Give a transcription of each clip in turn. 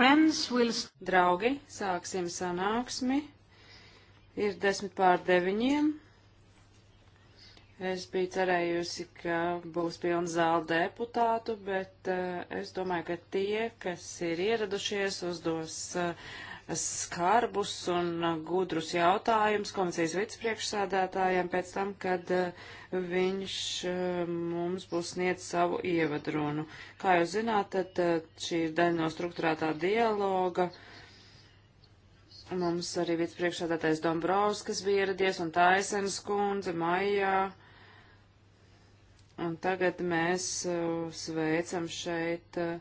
Will... Draugi, sāksim sanāksmi. Ir desmit pār deviņiem. Es biju cerējusi, ka būs pilna zāla deputātu, bet uh, es domāju, ka tie, kas ir ieradušies, uzdos uh, skarbus un gudrus jautājumus komisijas vicepriekšsādātājiem pēc tam, kad eh, viņš eh, mums būs sniedz savu ievadrunu. Kā jūs zināt, tad eh, šī ir daļa no struktūrētā dialoga. Mums arī vicepriekšsādātājs Dombrovskis bija ieradies un Taisens kundze maijā. Un tagad mēs sveicam šeit uh,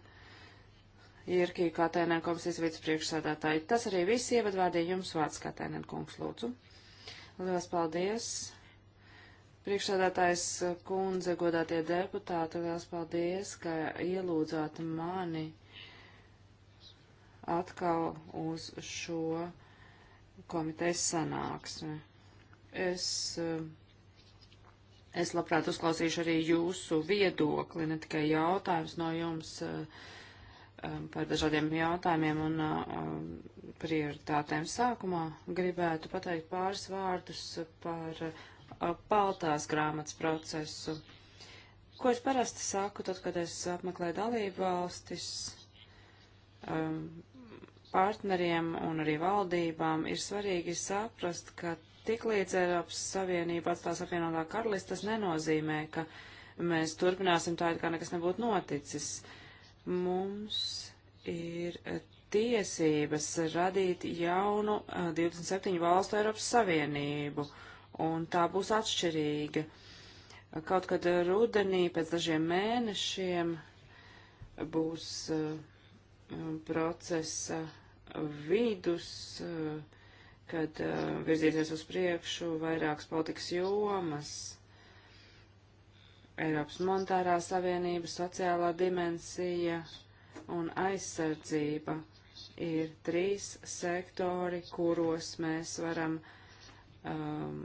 Jirkī Katainen komisijas vicepriekšsādātāji. Tas arī viss ievadvārdī jums vārds, Katainen kungs, lūdzu. Lielas paldies. Priekšsādātājs kundze, godātie deputāti, liels paldies, ka ielūdzāt mani atkal uz šo komitejas sanāksmi. Es, es labprāt uzklausīšu arī jūsu viedokli, ne tikai jautājums no jums. Uh, Um, par dažādiem jautājumiem un um, prioritātēm. Sākumā gribētu pateikt pāris vārdus par uh, baltās grāmatas procesu. Ko es parasti saku, tad, kad es apmeklēju dalību valstis, um, partneriem un arī valdībām ir svarīgi saprast, ka tik līdz Eiropas Savienība atstās apvienotā karalistas, tas nenozīmē, ka mēs turpināsim tā, it kā nekas nebūtu noticis. Uh, Mums ir tiesības radīt jaunu 27 eh, valstu Eiropas Savienību, un tā būs atšķirīga. Kaut kad rudenī pēc dažiem mēnešiem būs eh, procesa vidus, eh, kad virzīsies uz priekšu vairākas politikas jomas Eiropas monetārā savienība, sociālā dimensija un aizsardzība ir trīs sektori, kuros mēs varam um,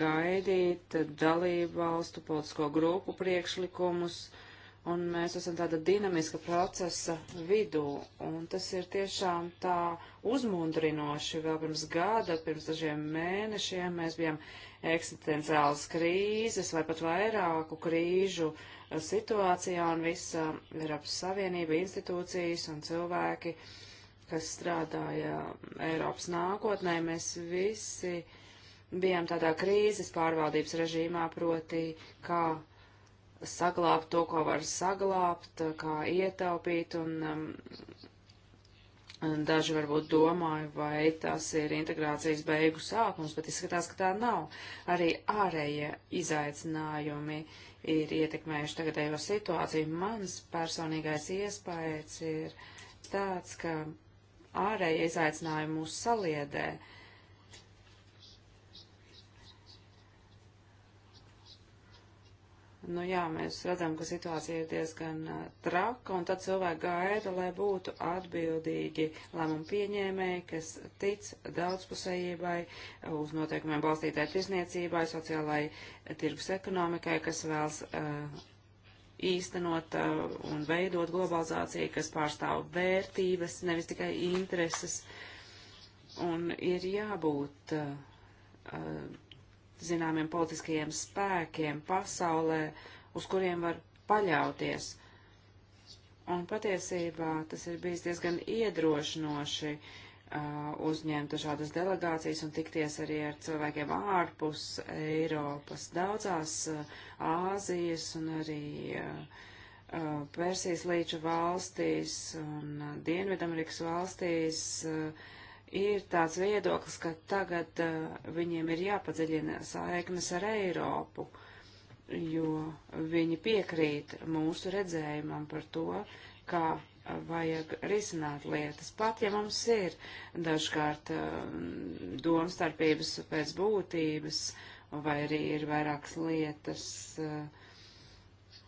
gaidīt dalību valstu politisko grupu priekšlikumus uh, un mēs esam tāda dinamiska procesa vidū, un tas ir tiešām tā uzmundrinoši. Vēl pirms gada, pirms dažiem mēnešiem mēs bijām eksistenciālas krīzes vai pat vairāku krīžu uh, situācijā, un visa Eiropas Savienība, institūcijas un cilvēki, kas strādāja um, Eiropas nākotnē, mēs visi bijām tādā krīzes pārvaldības režīmā, proti, kā saglābt to, ko var saglābt, kā ietaupīt, un um, daži varbūt domāju, vai tas ir integrācijas beigu sākums, bet izskatās, ka tā nav. Arī ārējie izaicinājumi ir ietekmējuši tagadējo situāciju. Mans personīgais iespējas ir tāds, ka ārējie izaicinājumi mūs saliedē. Uh, Nu jā, mēs redzam, ka situācija ir diezgan traka, un tad cilvēki gaida, lai būtu atbildīgi lēmumu pieņēmēji, kas tic daudzpusējībai, uz noteikumiem balstītai tirzniecībai, sociālai tirgus ekonomikai, kas vēlas uh, īstenot uh, un veidot globalizāciju, kas pārstāv vērtības, nevis tikai intereses. Un ir jābūt uh, zināmiem politiskajiem spēkiem pasaulē, uz kuriem var paļauties. Un patiesībā tas ir bijis diezgan iedrošinoši uh, uzņemt šādas delegācijas un tikties arī ar cilvēkiem ārpus Eiropas, daudzās uh, Āzijas un arī uh, uh Persijas līča valstīs un uh, Dienvidamerikas valstīs. Uh, ir tāds viedoklis, ka tagad uh, viņiem ir jāpadziļina saiknes ar Eiropu, jo viņi piekrīt mūsu redzējumam par to, kā vajag risināt lietas. Pat ja mums ir dažkārt uh, domstarpības pēc būtības, vai arī ir vairākas lietas, uh,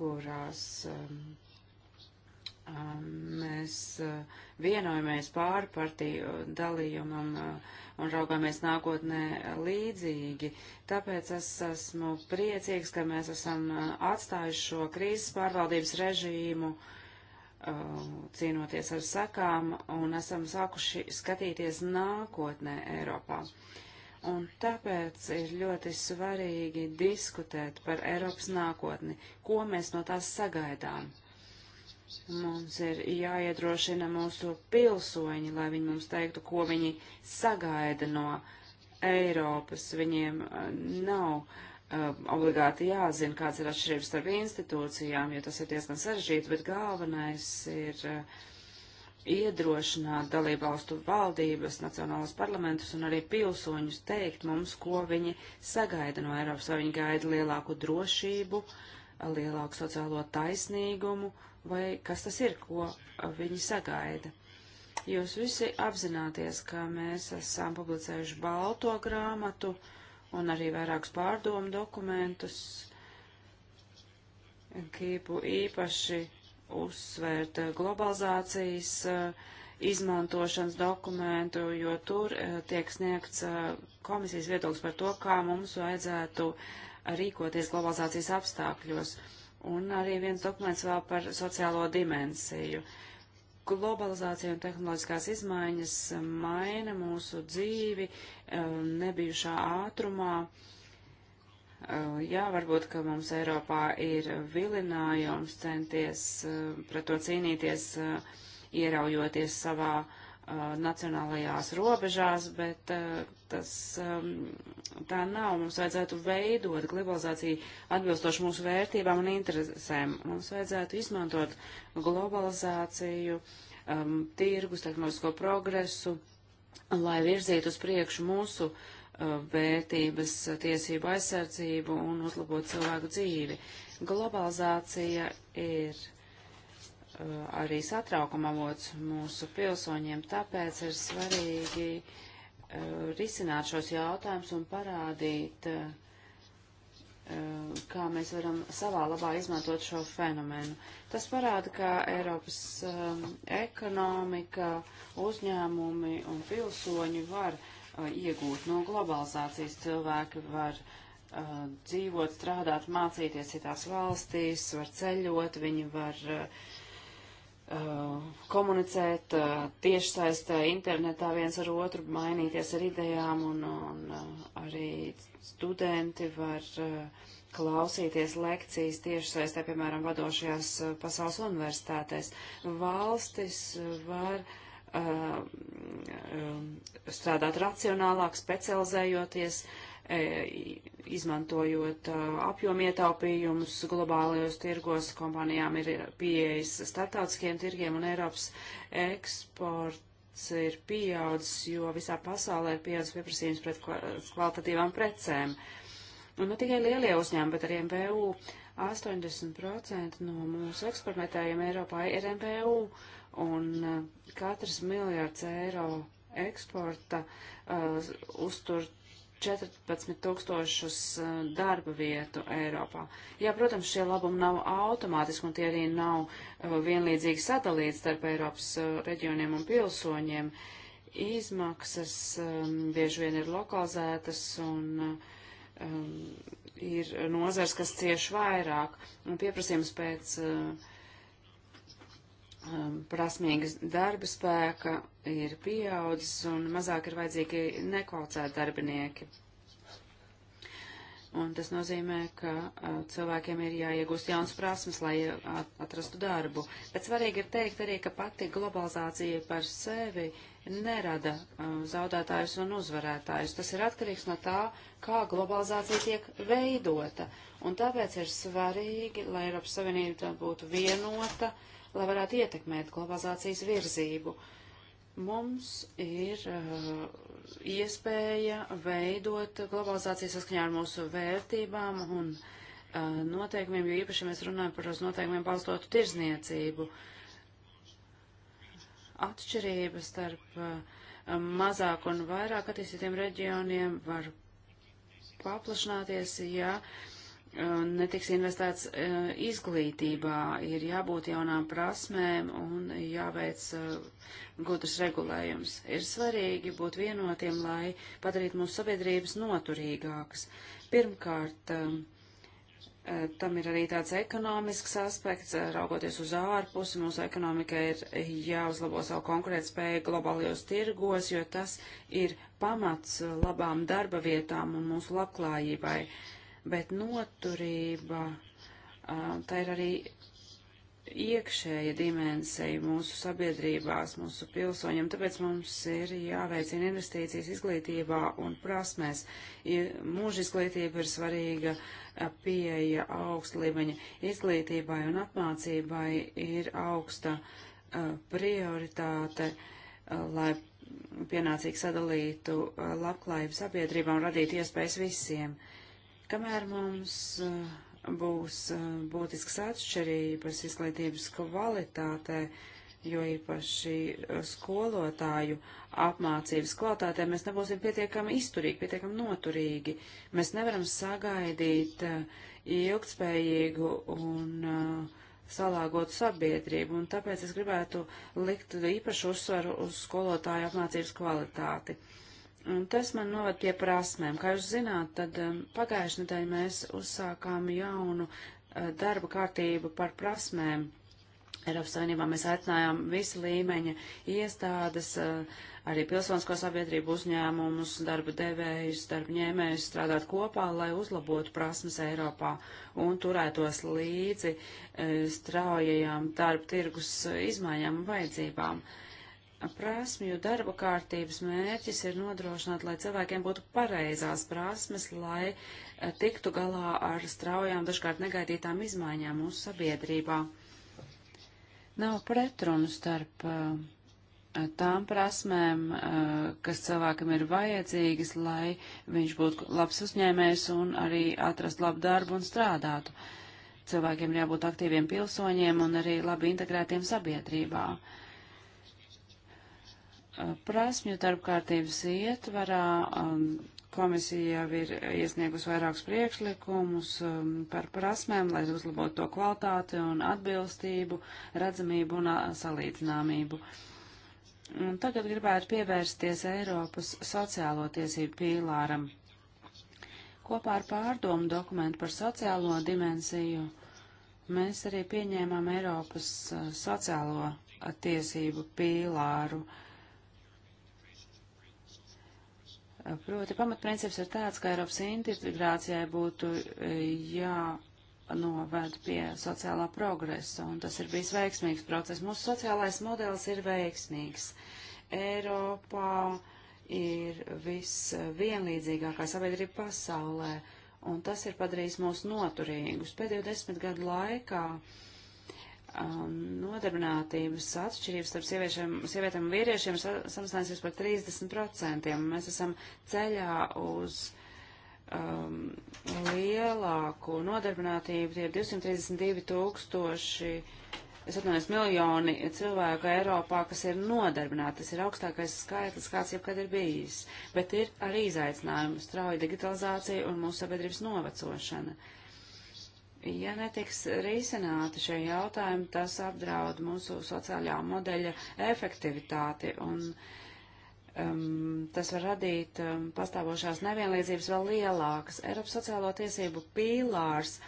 kurās. Um, Um, mēs uh, vienojamies pāri partiju dalījumam uh, un raugāmies nākotnē līdzīgi. Tāpēc es esmu priecīgs, ka mēs esam uh, atstājuši šo krīzes pārvaldības režīmu, cīnoties ar sakām, un esam sākuši skatīties nākotnē Eiropā. Un tāpēc ir ļoti svarīgi diskutēt par Eiropas nākotni, ko mēs no tās sagaidām Mums ir jāiedrošina mūsu pilsoņi, lai viņi mums teiktu, ko viņi sagaida no Eiropas. Viņiem eh, nav uh, obligāti jāzina, kāds ir atšķirības starp institūcijām, jo tas ir diezgan sarežģīti, bet galvenais ir uh, iedrošināt dalībvalstu valdības, nacionālos parlamentus un arī pilsoņus teikt mums, ko viņi sagaida no Eiropas, vai viņi gaida lielāku drošību, uh, lielāku sociālo taisnīgumu, vai kas tas ir, ko viņi sagaida. Jūs visi apzināties, ka mēs esam publicējuši balto grāmatu un arī vairākus pārdomu dokumentus. Gribu īpaši uzsvērt eh, globalizācijas uh, izmantošanas dokumentu, jo tur uh, tiek sniegts uh, komisijas viedoklis par to, kā mums vajadzētu uh, rīkoties globalizācijas apstākļos. Un arī viens dokuments vēl par sociālo dimensiju. Globalizācija un tehnoloģiskās izmaiņas maina mūsu dzīvi eh, nebijušā ātrumā. Eh, jā, varbūt, ka mums Eiropā ir vilinājums centies eh, pret to cīnīties, ieraujoties savā uh, uh, nacionālajās robežās, bet uh, tas um, tā nav. Mums vajadzētu veidot globalizāciju atbilstoši mūsu vērtībām un interesēm. Mums vajadzētu izmantot globalizāciju, um, tirgus, tehnoloģisko progresu, lai virzītu uz priekšu mūsu uh, vērtības, tiesību aizsardzību un uzlabot cilvēku dzīvi. Globalizācija ir Eh, arī satraukuma avots mūsu pilsoņiem, tāpēc ir svarīgi uh, risināt šos jautājumus un parādīt, uh, kā mēs varam savā labā izmantot šo fenomenu. Tas parāda, ka Eiropas uh, ekonomika, uzņēmumi un pilsoņi var iegūt no globalizācijas. Cilvēki var dzīvot, strādāt, mācīties citās valstīs, var ceļot, viņi var uh, Uh, komunicēt uh, tiešsaistē, internetā viens ar otru, mainīties ar idejām, un, un uh, arī studenti var klausīties lekcijas tiešsaistē, piemēram, vadošajās pasaules universitātēs. Valstis var uh, um, strādāt racionālāk, specializējoties uh, E, izmantojot e, apjomu ietaupījumus globālajos tirgos, kompānijām ir pieejas startautiskiem tirgiem un Eiropas eksports ir pieaudzis, jo visā pasaulē ir pieaudzis pieprasījums pret kvalitatīvām precēm. Un ne tikai lielie uzņēmumi, bet arī MVU. 80% no mūsu eksportētājiem Eiropā ir MVU, un e, katrs miljards eiro eksporta uh, uztur 14 tūkstošus uh, darba vietu Eiropā. Jā, protams, šie labumi nav automātiski un tie arī nav uh, vienlīdzīgi sadalīti starp Eiropas uh, reģioniem un pilsoņiem. Izmaksas um, bieži vien ir lokalizētas un uh, um, ir nozars, kas cieš vairāk. Un pieprasījums pēc uh, Um, prasmīgas darba spēka ir pieaudzis un mazāk ir vajadzīgi nekvalcēti darbinieki. Un tas nozīmē, ka uh, cilvēkiem ir jāiegūst jauns prasmes, lai uh, atrastu darbu. Bet svarīgi ir teikt arī, ka pati globalizācija par sevi nerada uh, zaudētājus un uzvarētājus. Tas ir atkarīgs no tā, kā globalizācija tiek veidota. Un tāpēc ir svarīgi, lai Eiropas Savienība būtu vienota uh, lai varētu ietekmēt globalizācijas virzību. Mums ir uh, iespēja veidot globalizāciju saskaņā ar mūsu vērtībām un uh, noteikumiem, jo īpaši mēs runājam par uz noteikumiem balstotu tirzniecību. Atšķirības starp uh, mazāk un vairāk attīstītiem reģioniem var paplašināties, ja uh, netiks investēts e, izglītībā, ir jābūt jaunām prasmēm un jāveic e, gudrs regulējums. Ir svarīgi būt vienotiem, lai padarītu mūsu sabiedrības noturīgākas. Pirmkārt, e, tam ir arī tāds ekonomisks aspekts, raugoties uz ārpusi, mūsu ekonomika ir jāuzlabo savu konkurētspēju globālajos tirgos, jo tas ir pamats labām darba vietām un mūsu labklājībai. Uh, bet noturība, tā ir arī iekšēja dimensija mūsu sabiedrībās, mūsu pilsoņiem, tāpēc mums ir jāveicina investīcijas izglītībā un prasmēs. Mūža izglītība ir svarīga pieeja augsta līmeņa izglītībai un apmācībai ir augsta prioritāte, lai pienācīgi sadalītu labklājību sabiedrībā un radītu iespējas visiem. Uh, Kamēr mums eh, būs eh, būtisks atšķirības izglītības kvalitātē, jo īpaši eh, skolotāju apmācības kvalitātē mēs nebūsim pietiekami izturīgi, pietiekami noturīgi. Mēs nevaram sagaidīt ilgtspējīgu un salāgotu sabiedrību, un tāpēc es gribētu likt īpašu uzsvaru uz skolotāju apmācības kvalitāti. Uh, Un tas man novad pie prasmēm. Kā jūs zināt, tad um, pagājušajā nedēļā mēs uzsākām jaunu uh, darba kārtību par prasmēm. Eiropas Savienībā mēs aicinājām visu līmeņa iestādes, uh, arī pilsonisko sabiedrību uzņēmumus, darba devējus, darba ņēmējus strādāt kopā, lai uzlabotu prasmes Eiropā un turētos līdzi uh, straujajām darba tirgus uh, izmaiņām un vajadzībām. Uh, prasmju darba kārtības mērķis ir nodrošināt, lai cilvēkiem būtu pareizās prasmes, lai e, tiktu galā ar straujām, dažkārt negaidītām izmaiņām mūsu sabiedrībā. Nav pretrunu starp e, tām prasmēm, e, kas cilvēkam ir vajadzīgas, lai viņš būtu labs uzņēmējs un arī atrast labu darbu un strādātu. Cilvēkiem ir jābūt aktīviem pilsoņiem un arī labi integrētiem sabiedrībā. Uh, prasmju darbkārtības ietvarā um, komisija jau ir iesniegus vairākus priekšlikumus um, par prasmēm, lai uzlabotu to kvalitāti un atbilstību, redzamību un uh, salīdzināmību. Un tagad gribētu pievērsties Eiropas sociālo tiesību pīlāram. Kopā ar pārdomu dokumentu par sociālo dimensiju mēs arī pieņēmām Eiropas uh, sociālo uh, tiesību pīlāru. Uh, Proti pamatprincips ir tāds, ka Eiropas integrācijai būtu e, jānovērt pie sociālā progresa, un tas ir bijis veiksmīgs process. Mūsu sociālais modelis ir veiksmīgs. Eiropā ir visvienlīdzīgākā sabiedrība pasaulē, un tas ir padarījis mūs noturīgus. Pēdējo desmit gadu laikā uh, Um, nodarbinātības atšķirības starp sieviešiem, sievietēm un vīriešiem samazinājusies par 30%. Mēs esam ceļā uz um, lielāku nodarbinātību. Tie ir 232 tūkstoši, es atvainojos, miljoni cilvēku Eiropā, kas ir nodarbināti. Tas ir augstākais skaitlis, kāds jebkad ir bijis. Bet ir arī izaicinājumi - strauja digitalizācija un mūsu sabiedrības novecošana. Uh, Ja netiks risināti šie jautājumi, tas apdraud mūsu sociālā modeļa efektivitāti un um, tas var radīt um, pastāvošās nevienlīdzības vēl lielākas. Eiropas sociālo tiesību pīlārs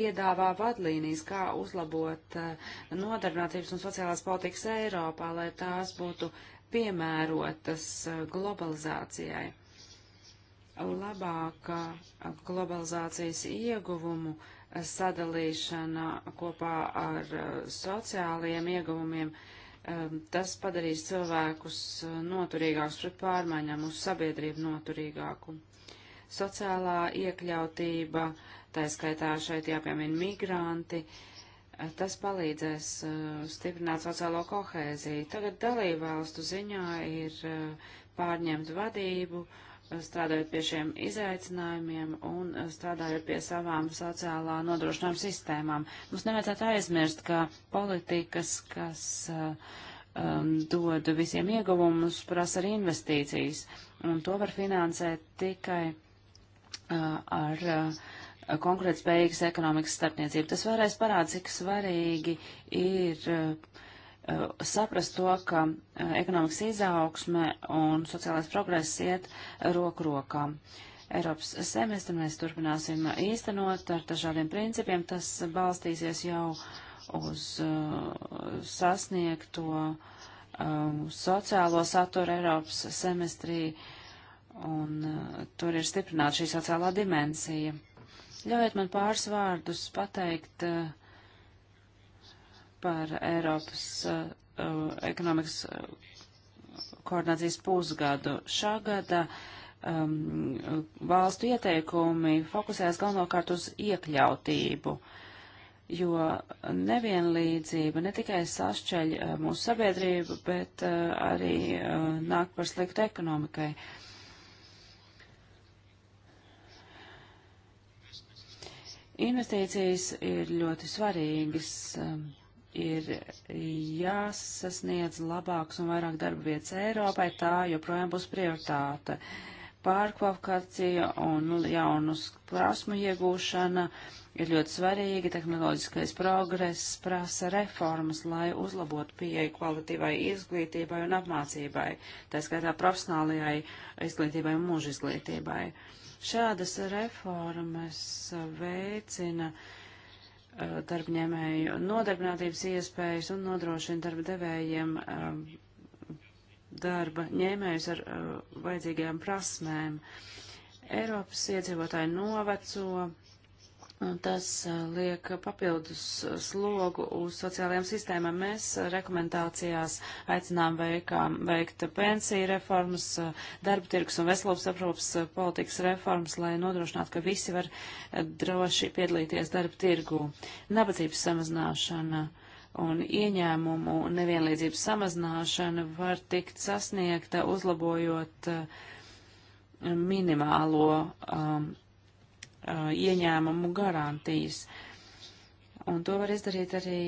piedāvā vadlīnijas, kā uzlabot uh, nodarbinātības un sociālās politikas Eiropā, lai tās būtu piemērotas uh, globalizācijai. Labāka globalizācijas ieguvumu uh, sadalīšana kopā ar eh, sociālajiem ieguvumiem, eh, tas padarīs cilvēkus eh, noturīgākus pret pārmaiņām, uz sabiedrību noturīgāku. Sociālā iekļautība, tā skaitā šeit jāpiemina migranti, tas palīdzēs uh, stiprināt sociālo kohēziju. Tagad dalībvalstu ziņā ir uh, pārņemt vadību strādājot pie šiem izaicinājumiem un strādājot pie savām sociālā nodrošinājuma sistēmām. Mums nevajadzētu aizmirst, ka politikas, kas uh, um, dod visiem ieguvumus, prasa arī investīcijas, un to var finansēt tikai uh, ar uh, konkurētspējīgas ekonomikas starpniecību. Tas vēlreiz parāda, cik svarīgi ir uh, Eh, saprast to, ka eh, ekonomikas izaugsme un sociālais progress iet roku rokā. Eiropas semestri mēs turpināsim īstenot ar dažādiem principiem. Tas balstīsies jau uz uh, sasniegto um, sociālo saturu Eiropas semestrī, un uh, tur ir stiprināta šī sociālā dimensija. Ļaujiet man pāris vārdus pateikt uh, par Eiropas uh, uh ekonomikas uh, koordinācijas pusgadu. Šā gada um, valstu ieteikumi fokusējas galvenokārt uz iekļautību, jo nevienlīdzība ne tikai sašķeļ uh, mūsu sabiedrību, bet uh, arī uh, nāk par sliktu ekonomikai. Investīcijas ir ļoti svarīgas. Um, ir jāsasniedz labāks un vairāk darba vietas Eiropai, tā joprojām būs prioritāte. Pārkvalifikācija un nu, jaunas prasmu iegūšana ir ļoti svarīga, tehnoloģiskais progress prasa reformas, lai uzlabotu pieeju kvalitīvai izglītībai un apmācībai, tā skaitā profesionālajai izglītībai un mūža izglītībai. Šādas reformas veicina uh, Eh, darbņēmēju nodarbinātības iespējas un nodrošina darba devējiem eh, darba ņēmējus ar eh, vajadzīgajām prasmēm. Eiropas iedzīvotāji noveco, Un tas liek papildus slogu uz sociālajām sistēmām. Mēs rekomendācijās aicinām veikām, veikt pensiju reformas, darba tirgus un veselības aprūpas politikas reformas, lai nodrošinātu, ka visi var droši piedalīties darba tirgu. Nabadzības samazināšana un ieņēmumu nevienlīdzības samazināšana var tikt sasniegta, uzlabojot minimālo um, uh, ieņēmumu garantijas. Un to var izdarīt arī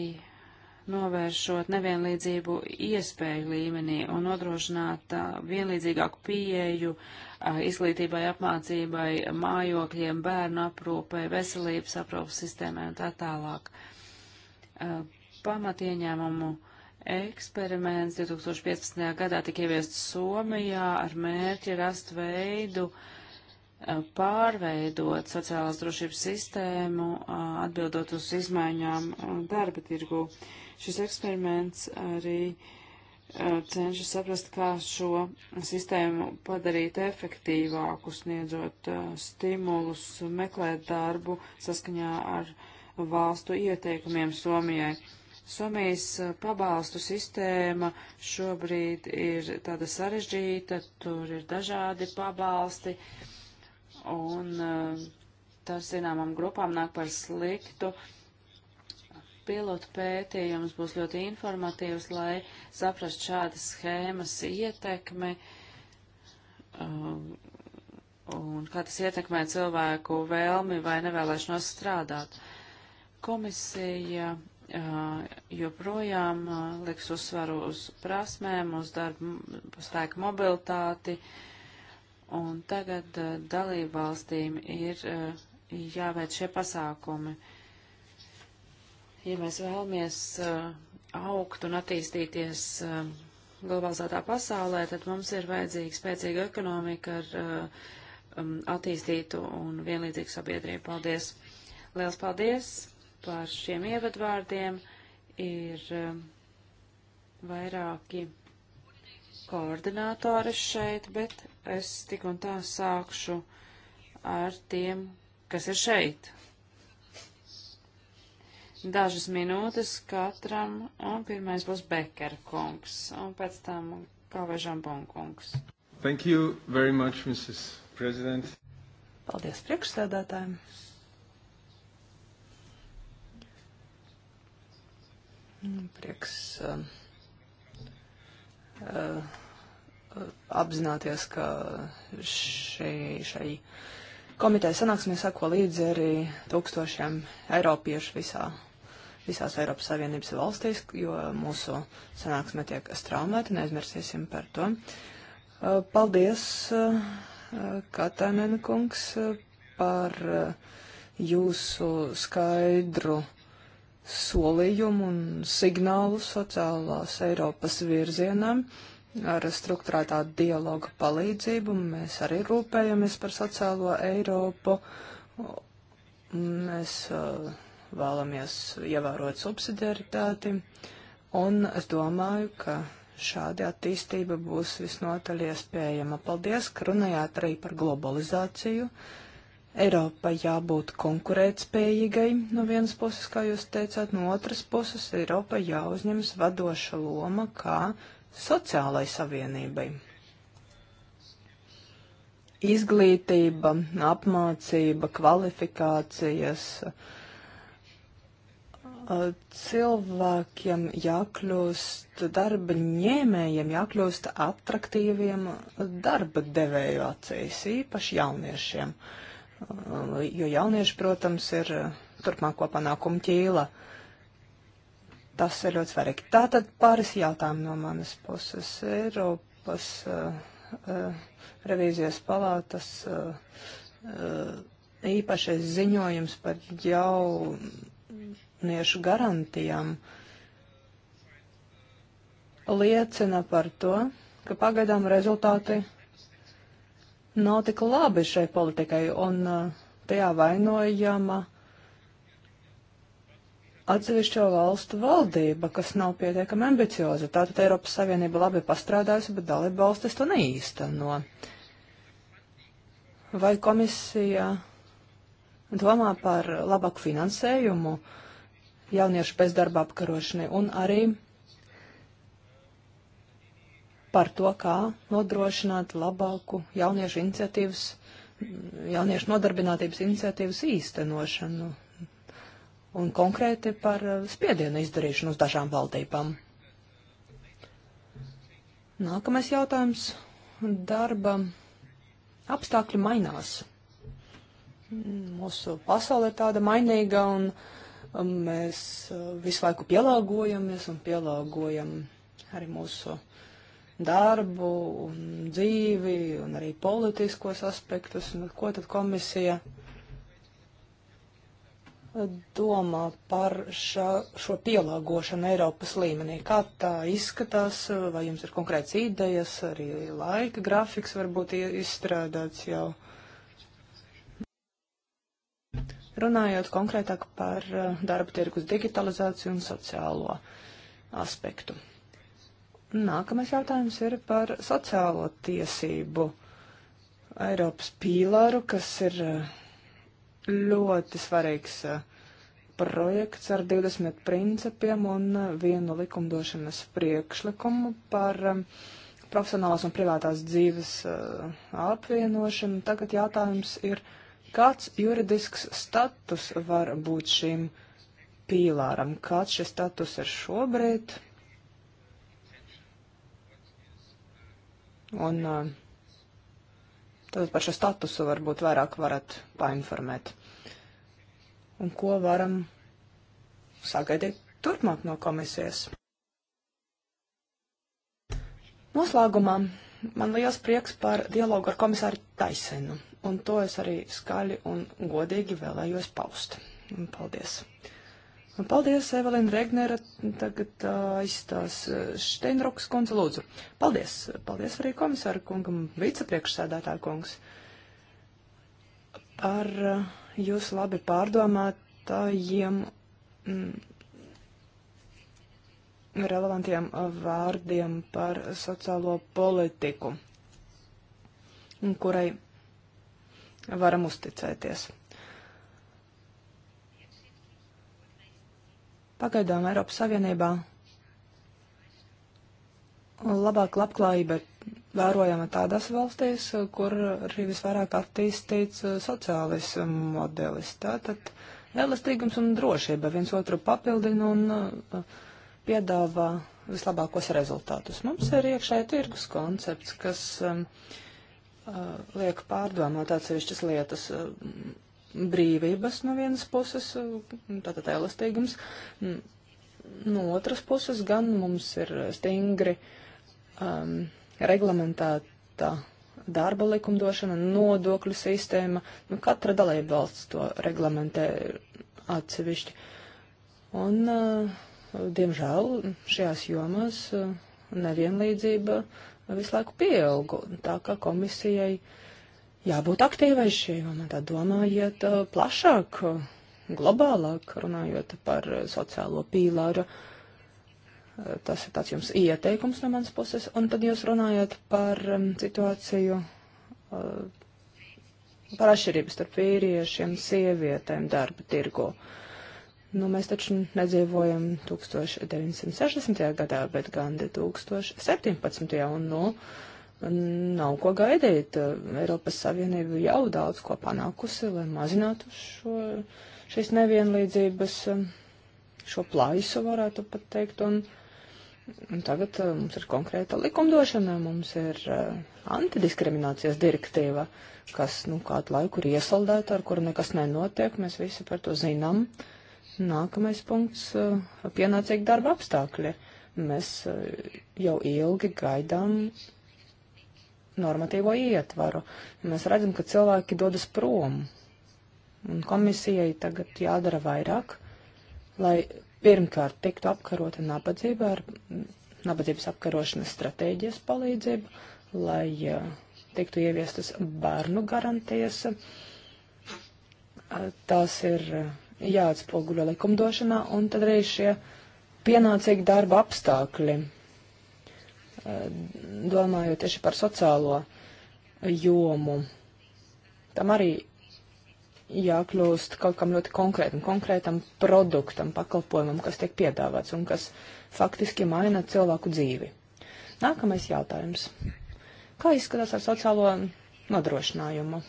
novēršot nevienlīdzību iespēju līmenī un nodrošināt uh, vienlīdzīgāku pieeju uh, izglītībai, apmācībai, mājokļiem, bērnu aprūpai, veselības aprūpas sistēmai un tā tālāk. Uh, pamatieņēmumu eksperiments 2015. gadā tika ieviests Somijā ar mērķi rast veidu, uh, Eh, pārveidot sociālās drošības sistēmu, eh, atbildot uz izmaiņām eh, darba tirgu. Šis eksperiments arī cenšas saprast, kā šo sistēmu padarīt efektīvāku, sniedzot stimulus meklēt darbu saskaņā ar valstu ieteikumiem Somijai. Somijas pabalstu sistēma šobrīd ir tāda sarežģīta, tur ir dažādi pabalsti. Uh, un eh, tas zināmam grupām nāk par sliktu. Pilotu pētījums būs ļoti informatīvs, lai saprast šādas schēmas ietekmi um, un kā tas ietekmē cilvēku vēlmi vai nevēlēšanos strādāt. Komisija Uh, joprojām uh, liks uzsvaru uz prasmēm, uz darba spēku mobilitāti, Un tagad uh, eh, dalību valstīm ir uh, jāveic šie pasākumi. Ja mēs vēlamies uh, augt un attīstīties uh, globalizētā pasaulē, tad mums ir vajadzīga spēcīga ekonomika ar uh, um, attīstītu un vienlīdzīgu sabiedrību. Paldies! Liels paldies par šiem ievadvārdiem! Ir uh, vairāki koordinātori šeit, bet es tik un tā sākšu ar tiem, kas ir šeit. Dažas minūtes katram, un pirmais būs Beker kungs, un pēc tam Kalvežam Bonkungs. Thank you very much, Mrs. President. Paldies priekšsēdētājiem. Prieks uh, uh, apzināties, ka šī, šai komiteja sanāksmē sako līdzi arī tūkstošiem eiropiešu visā, visās Eiropas Savienības valstīs, jo mūsu sanāksmē tiek straumēti, neaizmirsīsim par to. Uh, paldies, uh, Katānena kungs, uh, par jūsu skaidru solījumu un signālu sociālās Eiropas virzienam. Uh, Ar struktūrētā dialoga palīdzību mēs arī rūpējamies par sociālo Eiropu. Mēs uh, vēlamies ievērot subsidiaritāti. Un es domāju, ka šāda attīstība būs visnotaļ iespējama. Paldies, ka runājāt arī par globalizāciju. Eiropa jābūt konkurētspējīgai no vienas puses, kā jūs teicāt, no otras puses Eiropa jāuzņemas vadoša loma, kā sociālai savienībai. Izglītība, apmācība, kvalifikācijas. Cilvēkiem jākļūst darba ņēmējiem, jākļūst attraktīviem darba devēju acīs, īpaši jauniešiem. Jo jaunieši, protams, ir turpmāko panākumu ķīla. Uh, Tas ir ļoti svarīgi. Tātad pāris jautājumu no manas puses. Eiropas uh, uh, revīzijas palātas uh, uh, īpašais ziņojums par jauniešu garantijām liecina par to, ka pagaidām rezultāti nav tik labi šai politikai, un uh, tajā vainojama atsevišķo valstu valdība, kas nav pietiekami ambicioza. Tātad Eiropas Savienība labi pastrādājusi, bet dalība valstis to neīsteno. Vai komisija domā par labāku finansējumu jauniešu bezdarba apkarošanai un arī par to, kā nodrošināt labāku jauniešu iniciatīvas, jauniešu nodarbinātības iniciatīvas īstenošanu? un konkrēti par uh, spiedienu izdarīšanu uz dažām valdībām. Nākamais jautājums - darba apstākļi mainās. Mūsu pasaule ir tāda mainīga, un um, mēs uh, visu laiku pielāgojamies un pielāgojam arī mūsu darbu un dzīvi un arī politiskos aspektus. Un nu, ko tad komisija domā par šā, šo pielāgošanu Eiropas līmenī? Kā tā izskatās? Vai jums ir konkrēts idejas, arī laika grafiks varbūt izstrādāts jau? Runājot konkrētāk par eh, darba tirgus digitalizāciju un sociālo aspektu. Nākamais jautājums ir par sociālo tiesību Eiropas pīlāru, kas ir uh, ļoti svarīgs eh, projekts ar 20 principiem un eh, vienu likumdošanas priekšlikumu par eh, profesionālās un privātās dzīves apvienošanu. Tagad jautājums ir, kāds juridisks status var būt šīm pīlāram? Kāds šis status ir šobrīd? Un uh, Tad par šo statusu varbūt vairāk varat painformēt. Un ko varam sagaidīt turpmāk no komisijas? Noslēgumā man liels prieks par dialogu ar komisāru Taisenu, un to es arī skaļi un godīgi vēlējos paust. Un paldies! Un paldies, Evelina Regnera, tagad aizstās Šteinroks kundze, lūdzu. Paldies, paldies arī komisāra kungam, vicepriekšsēdētāja kungs, par jūsu labi pārdomātajiem mm, relevantiem vārdiem par sociālo politiku, kurai varam uzticēties. Pagaidām Eiropas Savienībā labāk labklājība vērojama tādās valstīs, kur arī visvairāk attīstīts uh, sociālis modelis. Tātad elastīgums un drošība viens otru papildina un uh, piedāvā vislabākos rezultātus. Mums ir iekšēja tirgus koncepts, kas um, uh, liek pārdomāt atsevišķas lietas brīvības no vienas puses, tātad elastīgums, no otras puses gan mums ir stingri um, reglamentēta darba likumdošana, nodokļu sistēma, nu, katra dalība valsts to reglamentē atsevišķi. Un, uh, diemžēl, šajās jomās uh, nevienlīdzība visu laiku pieauga, tā kā komisijai uh, jābūt aktīvai šī momentā, domājiet uh, plašāk, uh, globālāk, runājot par uh, sociālo pīlāru. Tas ir tāds jums ieteikums no manas puses, un tad jūs runājat par um, situāciju, par atšķirības starp vīriešiem, sievietēm darba tirgu. Nu, mēs taču nedzīvojam 1960. gadā, bet gan 2017. un, nu, no, Nav ko gaidīt. Eiropas Savienība jau daudz ko panākusi, lai mazinātu šo, šīs nevienlīdzības, šo plaisu, varētu pat teikt. Un, un tagad uh, mums ir konkrēta likumdošana, mums ir uh, antidiskriminācijas direktīva, kas nu, kādu laiku ir iesaldēta, ar kuru nekas nenotiek, mēs visi par to zinām. Nākamais punkts uh, - pienācīgi darba apstākļi. Mēs jau ilgi gaidām normatīvo ietvaru. Mēs redzam, ka cilvēki dodas prom. Un komisijai tagad jādara vairāk, lai pirmkārt tiktu apkarota nabadzība ar nabadzības apkarošanas stratēģijas palīdzību, lai uh, tiktu ieviestas bērnu garantijas. Uh, tās ir uh, jāatspoguļo likumdošanā, un tad arī šie pienācīgi darba apstākļi Eh, domājot tieši par sociālo jomu. Tam arī jākļūst kaut kam ļoti konkrētam, konkrētam produktam, pakalpojumam, kas tiek piedāvāts un kas faktiski maina cilvēku dzīvi. Nākamais jautājums. Kā izskatās ar sociālo nodrošinājumu?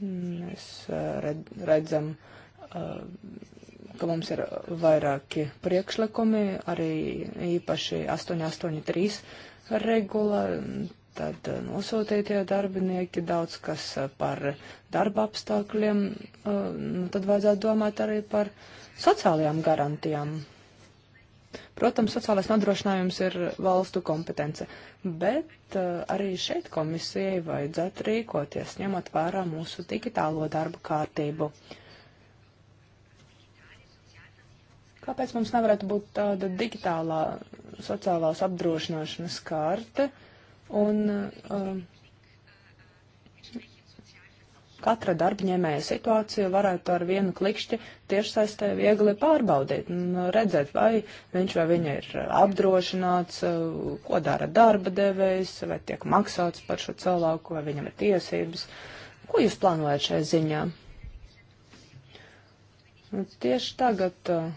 Mm, mēs eh, redzam eh, ka mums ir vairāki priekšlikumi, arī īpaši 883 regula, tad nosūtītie darbinieki, daudz kas par darba apstākļiem, nu, tad vajadzētu domāt arī par sociālajām garantijām. Protams, sociālais nodrošinājums ir valstu kompetence, bet arī šeit komisijai vajadzētu rīkoties, ņemot vērā mūsu digitālo darbu kārtību. Uh, Kāpēc mums nevarētu būt tāda digitālā sociālās apdrošināšanas karte un um, katra darbņēmēja situācija varētu ar vienu klikšķi tiešsaistē viegli pārbaudīt un redzēt, vai viņš vai viņa ir apdrošināts, uh, ko dara darba devējs, vai tiek maksāts par šo cilvēku, vai viņam ir tiesības. Ko jūs plānojat šai ziņā? Tieši tagad uh,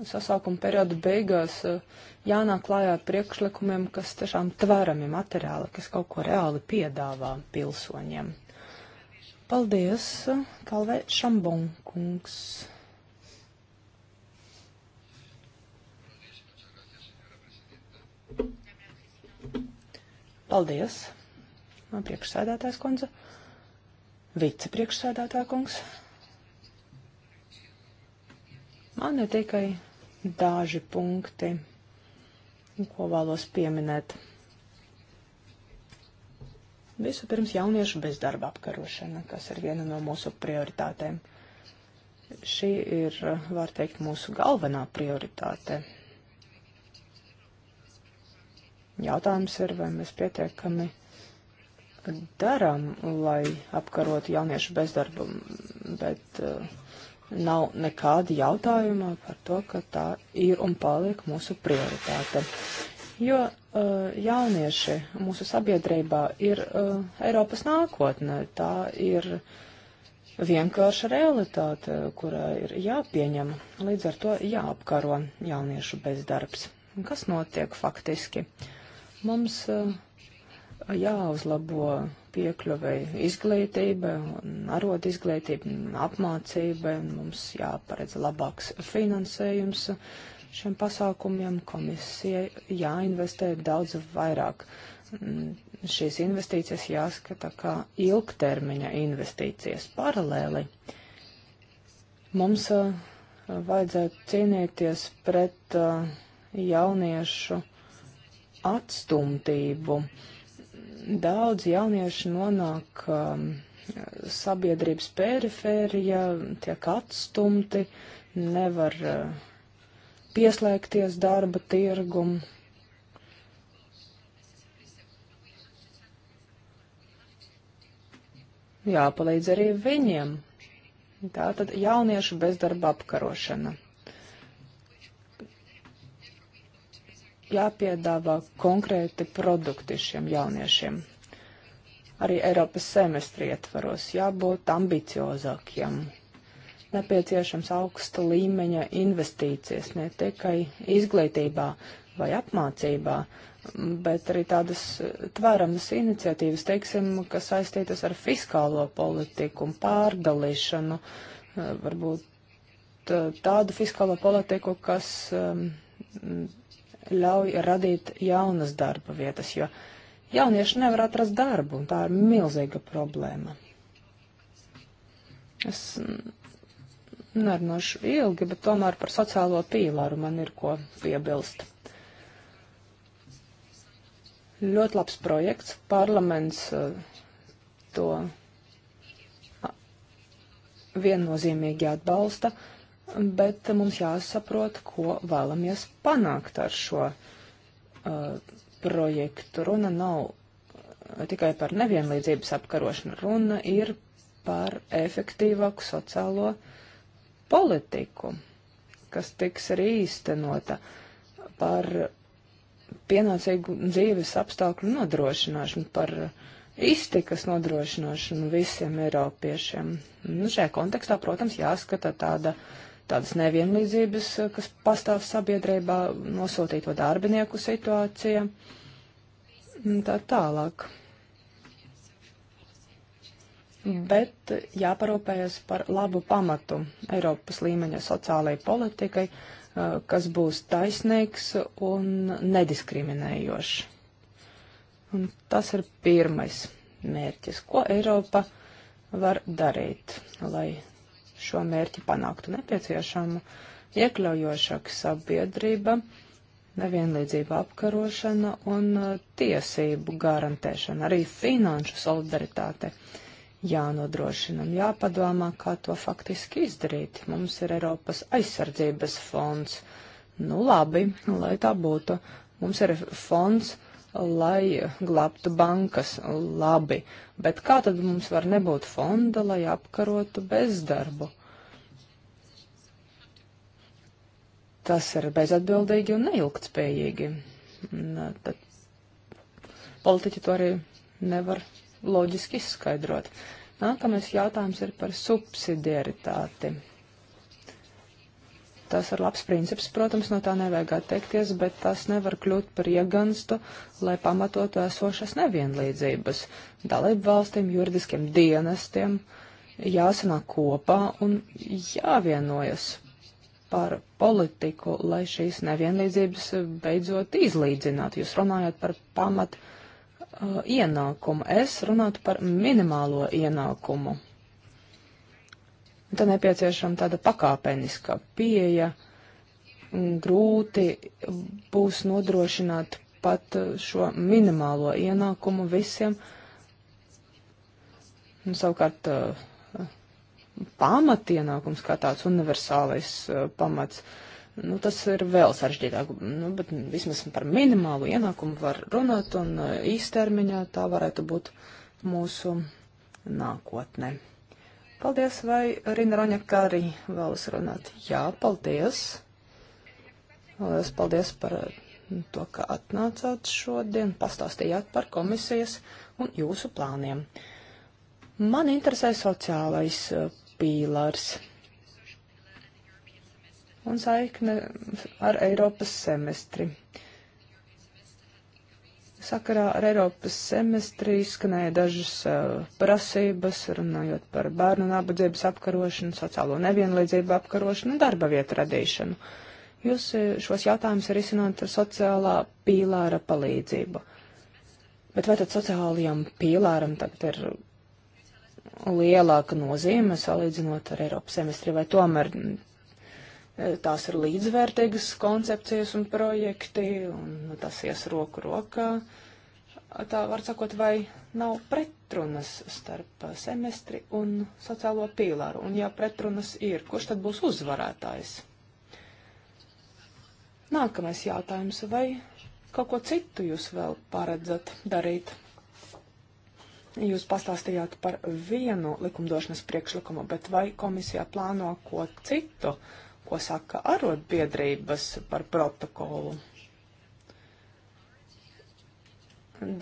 sasaukuma perioda beigās eh, jānāk klājā ar priekšlikumiem, kas tiešām tverami materiāli, kas kaut ko reāli piedāvā pilsoņiem. Paldies, Kalvē Šambonkungs. Paldies, man priekšsēdētājs kundze, vicepriekšsēdētājs kungs. Man ir tikai daži punkti, ko vēlos pieminēt. Vispirms jauniešu bezdarba apkarošana, kas ir viena no mūsu prioritātēm. Šī ir, var teikt, mūsu galvenā prioritāte. Jautājums ir, vai mēs pietiekami darām, lai apkarotu jauniešu bezdarbu, bet uh, nav nekāda jautājuma par to, ka tā ir un paliek mūsu prioritāte. Jo uh, jaunieši mūsu sabiedrībā ir uh, Eiropas nākotne, tā ir vienkārša realitāte, kurā ir jāpieņem, līdz ar to jāapkaro jauniešu bezdarbs. Un kas notiek faktiski? Mums uh, jāuzlabo piekļuvei izglītībai, arot izglītībai, apmācībai, un mums jāparedz labāks finansējums šiem pasākumiem. Komisijai jāinvestē daudz vairāk. Šīs investīcijas jāskata kā ilgtermiņa investīcijas paralēli. Mums uh, vajadzētu cīnīties pret uh, jauniešu atstumtību. Uh, daudz jauniešu nonāk um, sabiedrības perifērija, tiek atstumti, nevar uh, pieslēgties darba tirgumu. Jāpalīdz arī viņiem. Tā tad jauniešu bezdarba apkarošana. jāpiedāvā konkrēti produkti šiem jauniešiem. Arī Eiropas semestri ietvaros jābūt ambiciozākiem. Nepieciešams augsta līmeņa investīcijas ne tikai izglītībā vai apmācībā, bet arī tādas tvaramas iniciatīvas, teiksim, kas saistītas ar fiskālo politiku un pārdalīšanu, varbūt eh, tādu fiskālo politiku, kas ehm, ļauj radīt jaunas darba vietas, jo jaunieši nevar atrast darbu, un tā ir milzīga problēma. Es nerunāšu ilgi, bet tomēr par sociālo pīlāru man ir ko piebilst. Ļoti labs projekts. Parlaments eh, to viennozīmīgi atbalsta. Uh, bet mums jāsaprot, ko vēlamies panākt ar šo uh, projektu. Runa nav uh, tikai par nevienlīdzības apkarošanu, runa ir par efektīvāku sociālo politiku, kas tiks arī īstenota par pienācīgu dzīves apstākļu nodrošināšanu, par iztikas nodrošināšanu visiem eiropiešiem. Nu, šajā kontekstā, protams, jāskata tāda uh, tādas nevienlīdzības, eh, kas pastāv sabiedrībā, nosūtīto darbinieku situācija, tā tālāk. Bet jāparūpējas par labu pamatu Eiropas līmeņa sociālajai politikai, eh, kas būs taisnīgs un nediskriminējošs. Un tas ir pirmais mērķis, ko Eiropa var darīt, lai šo mērķi panāktu nepieciešama iekļaujošāka sabiedrība, nevienlīdzība apkarošana un uh, tiesību garantēšana, arī finanšu solidaritāte jānodrošina un jāpadomā, kā to faktiski izdarīt. Mums ir Eiropas aizsardzības fonds. Nu labi, lai tā būtu. Mums ir fonds lai glābtu bankas labi, bet kā tad mums var nebūt fonda, lai apkarotu bezdarbu? Tas ir bezatbildīgi un neilgtspējīgi. Un, tad politiķi to arī nevar loģiski izskaidrot. Nākamais jautājums ir par subsidiaritāti. Tas ir labs princips, protams, no tā nevajag atteikties, bet tas nevar kļūt par ieganstu, lai pamatotu esošas nevienlīdzības. Dalību valstīm, juridiskiem dienestiem jāsanāk kopā un jāvienojas par politiku, lai šīs nevienlīdzības beidzot izlīdzinātu. Jūs runājat par pamat uh, ienākumu, es runātu par minimālo ienākumu. Un tā nepieciešama tāda pakāpeniska pieeja. Grūti būs nodrošināt pat šo minimālo ienākumu visiem. Un savukārt eh, pamatienākums kā tāds universālais eh, pamats, nu, tas ir vēl sarežģītāk, nu, bet vismaz par minimālu ienākumu var runāt un eh, īstermiņā tā varētu būt mūsu nākotnē. Paldies, vai Rina Roņaka arī vēlas runāt? Jā, paldies. Lielas paldies par mm, to, ka atnācāt šodien, pastāstījāt par komisijas un jūsu plāniem. Man interesē sociālais eh, pīlārs un saikne ar Eiropas semestri. Uh, sakarā ar Eiropas semestrī skanēja dažas uh, prasības, runājot par bērnu nabadzības apkarošanu, sociālo nevienlīdzību apkarošanu un darba vietu radīšanu. Jūs šos jautājumus arī risināt ar sociālā pīlāra palīdzību. Bet vai tad sociālajam pīlāram tagad ir lielāka nozīme salīdzinot ar Eiropas semestri, vai tomēr Tās ir līdzvērtīgas koncepcijas un projekti, un tas ies roku rokā. Tā var sakot, vai nav pretrunas starp semestri un sociālo pīlāru, un ja pretrunas ir, kurš tad būs uzvarētājs? Nākamais jautājums, vai kaut ko citu jūs vēl paredzat darīt? Jūs pastāstījāt par vienu likumdošanas priekšlikumu, bet vai komisijā plāno ko citu ko saka arotbiedrības par protokolu.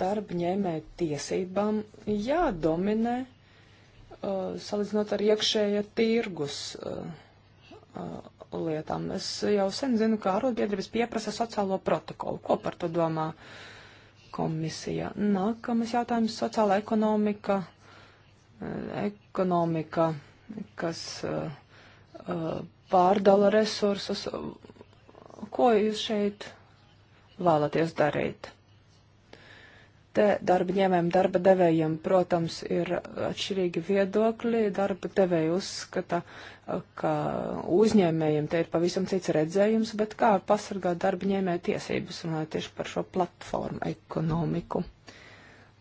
Darba ņēmē tiesībām jādominē uh, salīdzinot ar iekšēja tirgus uh, uh, lietām. Es jau sen zinu, ka arotbiedrības pieprasa sociālo protokolu. Ko par to domā komisija? Nākamais jautājums - sociāla ekonomika, uh, ekonomika, kas uh, uh pārdala resursus. Ko jūs šeit vēlaties darīt? Te darba ņēmējiem, darba devējiem, protams, ir atšķirīgi viedokļi. Darba devēja uzskata, ka uzņēmējiem te ir pavisam cits redzējums, bet kā pasargāt darba ņēmēja tiesības un tieši par šo platformu ekonomiku.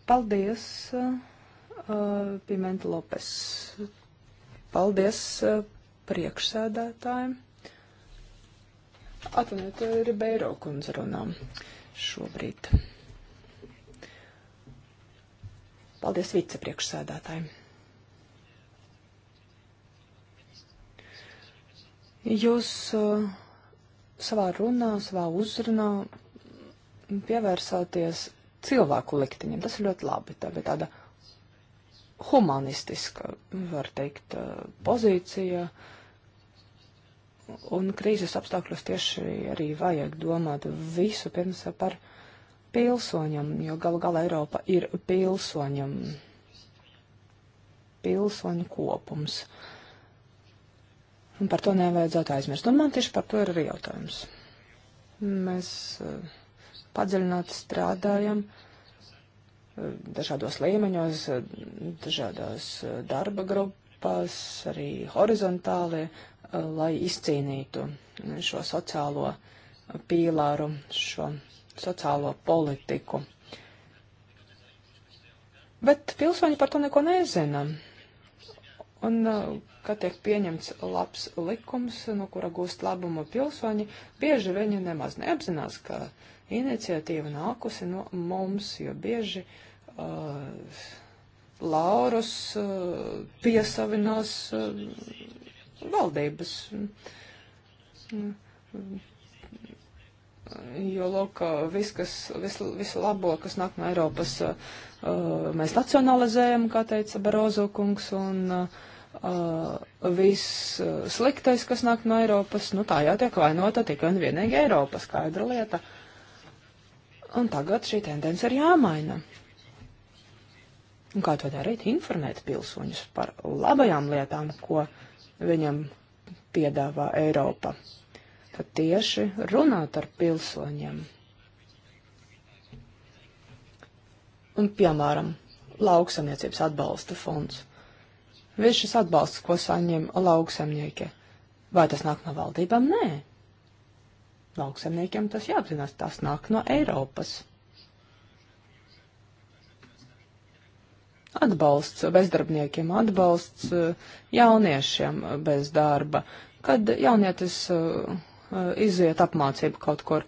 Paldies, uh, Pimenta Lopes. Paldies, uh, priekšsēdētājiem. Atvainojiet, Ribeiro kundze runā šobrīd. Paldies vicepriekšsēdētājiem. Jūs uh, savā runā, savā uzrunā pievērsāties cilvēku likteņiem. Tas ir ļoti labi. Tā bija tāda humanistiska, var teikt, uh, pozīcija. Uh, un krīzes apstākļos tieši arī vajag domāt visu pirms par pilsoņam, jo galu galā Eiropa ir pilsoņam, pilsoņu kopums. Un par to nevajadzētu aizmirst. Un man tieši par to ir arī jautājums. Mēs eh, padziļināti strādājam eh, dažādos līmeņos, eh, dažādās darba grupās, arī horizontālie Uh, lai izcīnītu šo sociālo pīlāru, šo sociālo politiku. Bet pilsoņi par to neko nezina. Un, uh, kad tiek pieņemts labs likums, no kura gūst labumu pilsoņi, bieži viņi nemaz neapzinās, ka iniciatīva nākusi no mums, jo bieži uh, laurus uh, piesavinās uh, valdības. Jo, lūk, viss, kas, visu, visu labo, kas nāk no Eiropas, eh, mēs nacionalizējam, kā teica Barozo kungs, un eh, viss eh, sliktais, kas nāk no Eiropas, nu tā jau tiek vainota tikai un vienīgi Eiropa, skaidra lieta. Un tagad šī tendence ir jāmaina. Un kā to darīt? Informēt pilsoņus par labajām lietām, ko viņam piedāvā Eiropa. Tad tieši runāt ar pilsoņiem. Un, piemēram, lauksamniecības atbalsta fonds. Viss šis atbalsts, ko saņem lauksamnieki, vai tas nāk no valdībām? Nē. Lauksamniekiem tas jāapzinās, tas nāk no Eiropas. atbalsts bezdarbniekiem, atbalsts eh, jauniešiem bez darba, kad jaunietis eh, iziet apmācību kaut kur.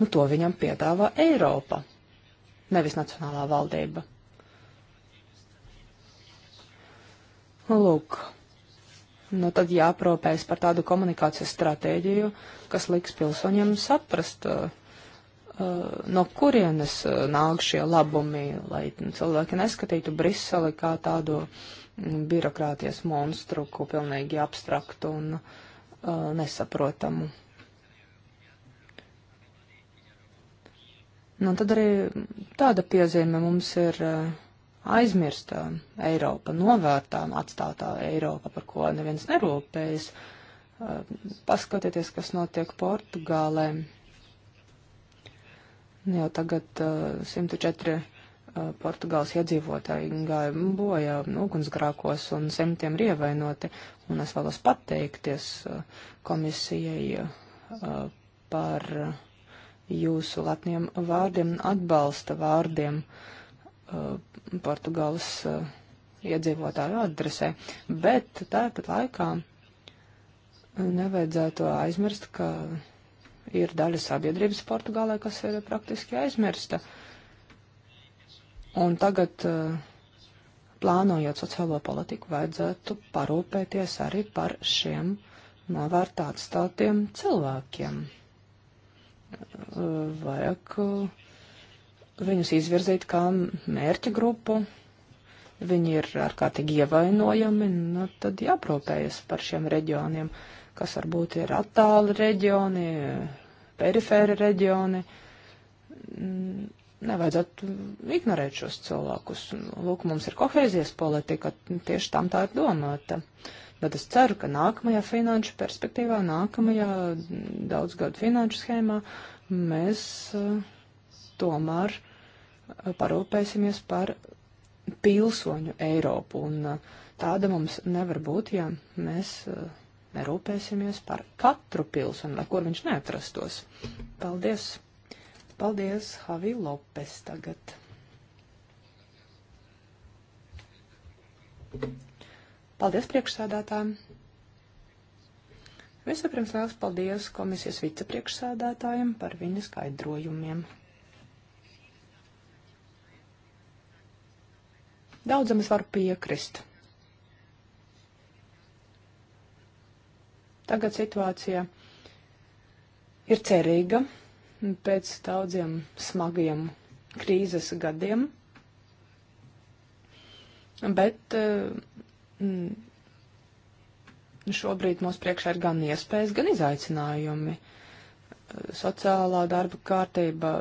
Nu, to viņam piedāvā Eiropa, nevis Nacionālā valdība. Lūk, nu tad jāpropēs par tādu komunikācijas stratēģiju, kas liks pilsoņiem saprast, uh, Eh, no kurienes eh, nāk šie labumi, lai cilvēki neskatītu Briseli kā tādu mm, birokrātijas monstru, ko pilnīgi abstraktu un uh, nesaprotamu. Nu, tad arī tāda piezīme mums ir uh, aizmirsta Eiropa, novērtām atstātā Eiropa, par ko neviens nerūpējas. Uh, paskatieties, kas notiek Portugālē Jau tagad uh, 104 Portugāles iedzīvotāji gāja bojā ugunsgrākos un simtiem ir ievainoti. Un es vēlos pateikties eh, komisijai eh, par jūsu lepniem vārdiem, atbalsta vārdiem eh, Portugāles iedzīvotāju adresē. Bet tāpat laikā nevajadzētu aizmirst, ka Ir daļa sabiedrības Portugālē, kas ir praktiski aizmirsta. Un tagad, eh, plānojot sociālo politiku, vajadzētu parūpēties arī par šiem novērt atstātiem cilvēkiem. Eh, vajag eh, viņus izvirzīt kā mērķa grupu, viņi ir ārkārtīgi ievainojami, nu, tad jāprūpējas par šiem reģioniem. Uh, kas varbūt ir attāli reģioni, perifēri reģioni. Mm, nevajadzētu ignorēt šos cilvēkus. Lūk, mums ir kohēzijas politika, tieši tam tā ir domāta. Bet es ceru, ka nākamajā finanšu perspektīvā, nākamajā daudzgadu finanšu schēmā mēs eh, tomēr eh, parūpēsimies par pilsoņu Eiropu. Un eh, tāda mums nevar būt, ja mēs rūpēsimies par katru pilsonu, lai kur viņš neatrastos. Paldies! Paldies, Havi Lopes tagad. Paldies priekšsēdētājiem! Vispirms liels paldies komisijas vicepriekšsēdētājiem par viņa skaidrojumiem. Daudzam es varu piekrist. Tagad situācija ir cerīga pēc daudziem smagiem krīzes gadiem, bet eh, mm, šobrīd mūsu priekšā ir gan iespējas, gan izaicinājumi. Eh, sociālā darba kārtība,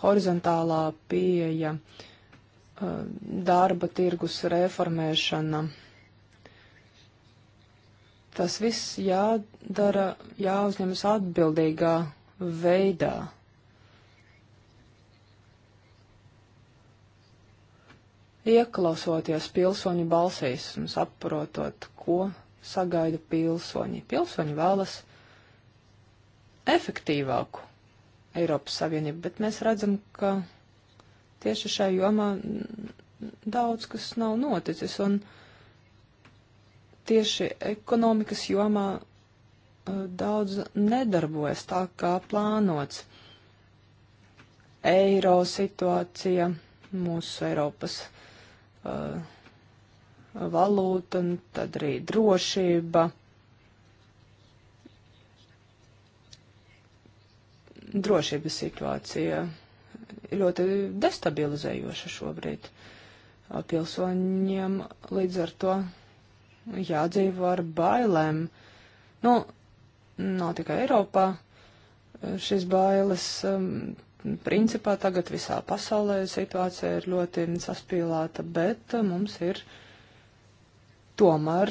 horizontālā pieeja, eh, darba tirgus reformēšana. Tas viss jādara, jāuzņemas atbildīgā veidā. Ieklausoties pilsoņu balsīs un saprotot, ko sagaida pilsoņi. Pilsoņi vēlas efektīvāku Eiropas Savienību, bet mēs redzam, ka tieši šai jomā daudz kas nav noticis. Un, uh, tieši ekonomikas jomā eh, daudz nedarbojas tā kā plānots. Eiro situācija, mūsu Eiropas uh, valūta, un tad arī drošība. Drošības situācija ļoti destabilizējoša šobrīd pilsoņiem līdz ar to jādzīvo ar bailēm. Nu, nav tikai Eiropā šīs bailes. Um, principā tagad visā pasaulē situācija ir ļoti saspīlēta, bet uh, mums ir tomēr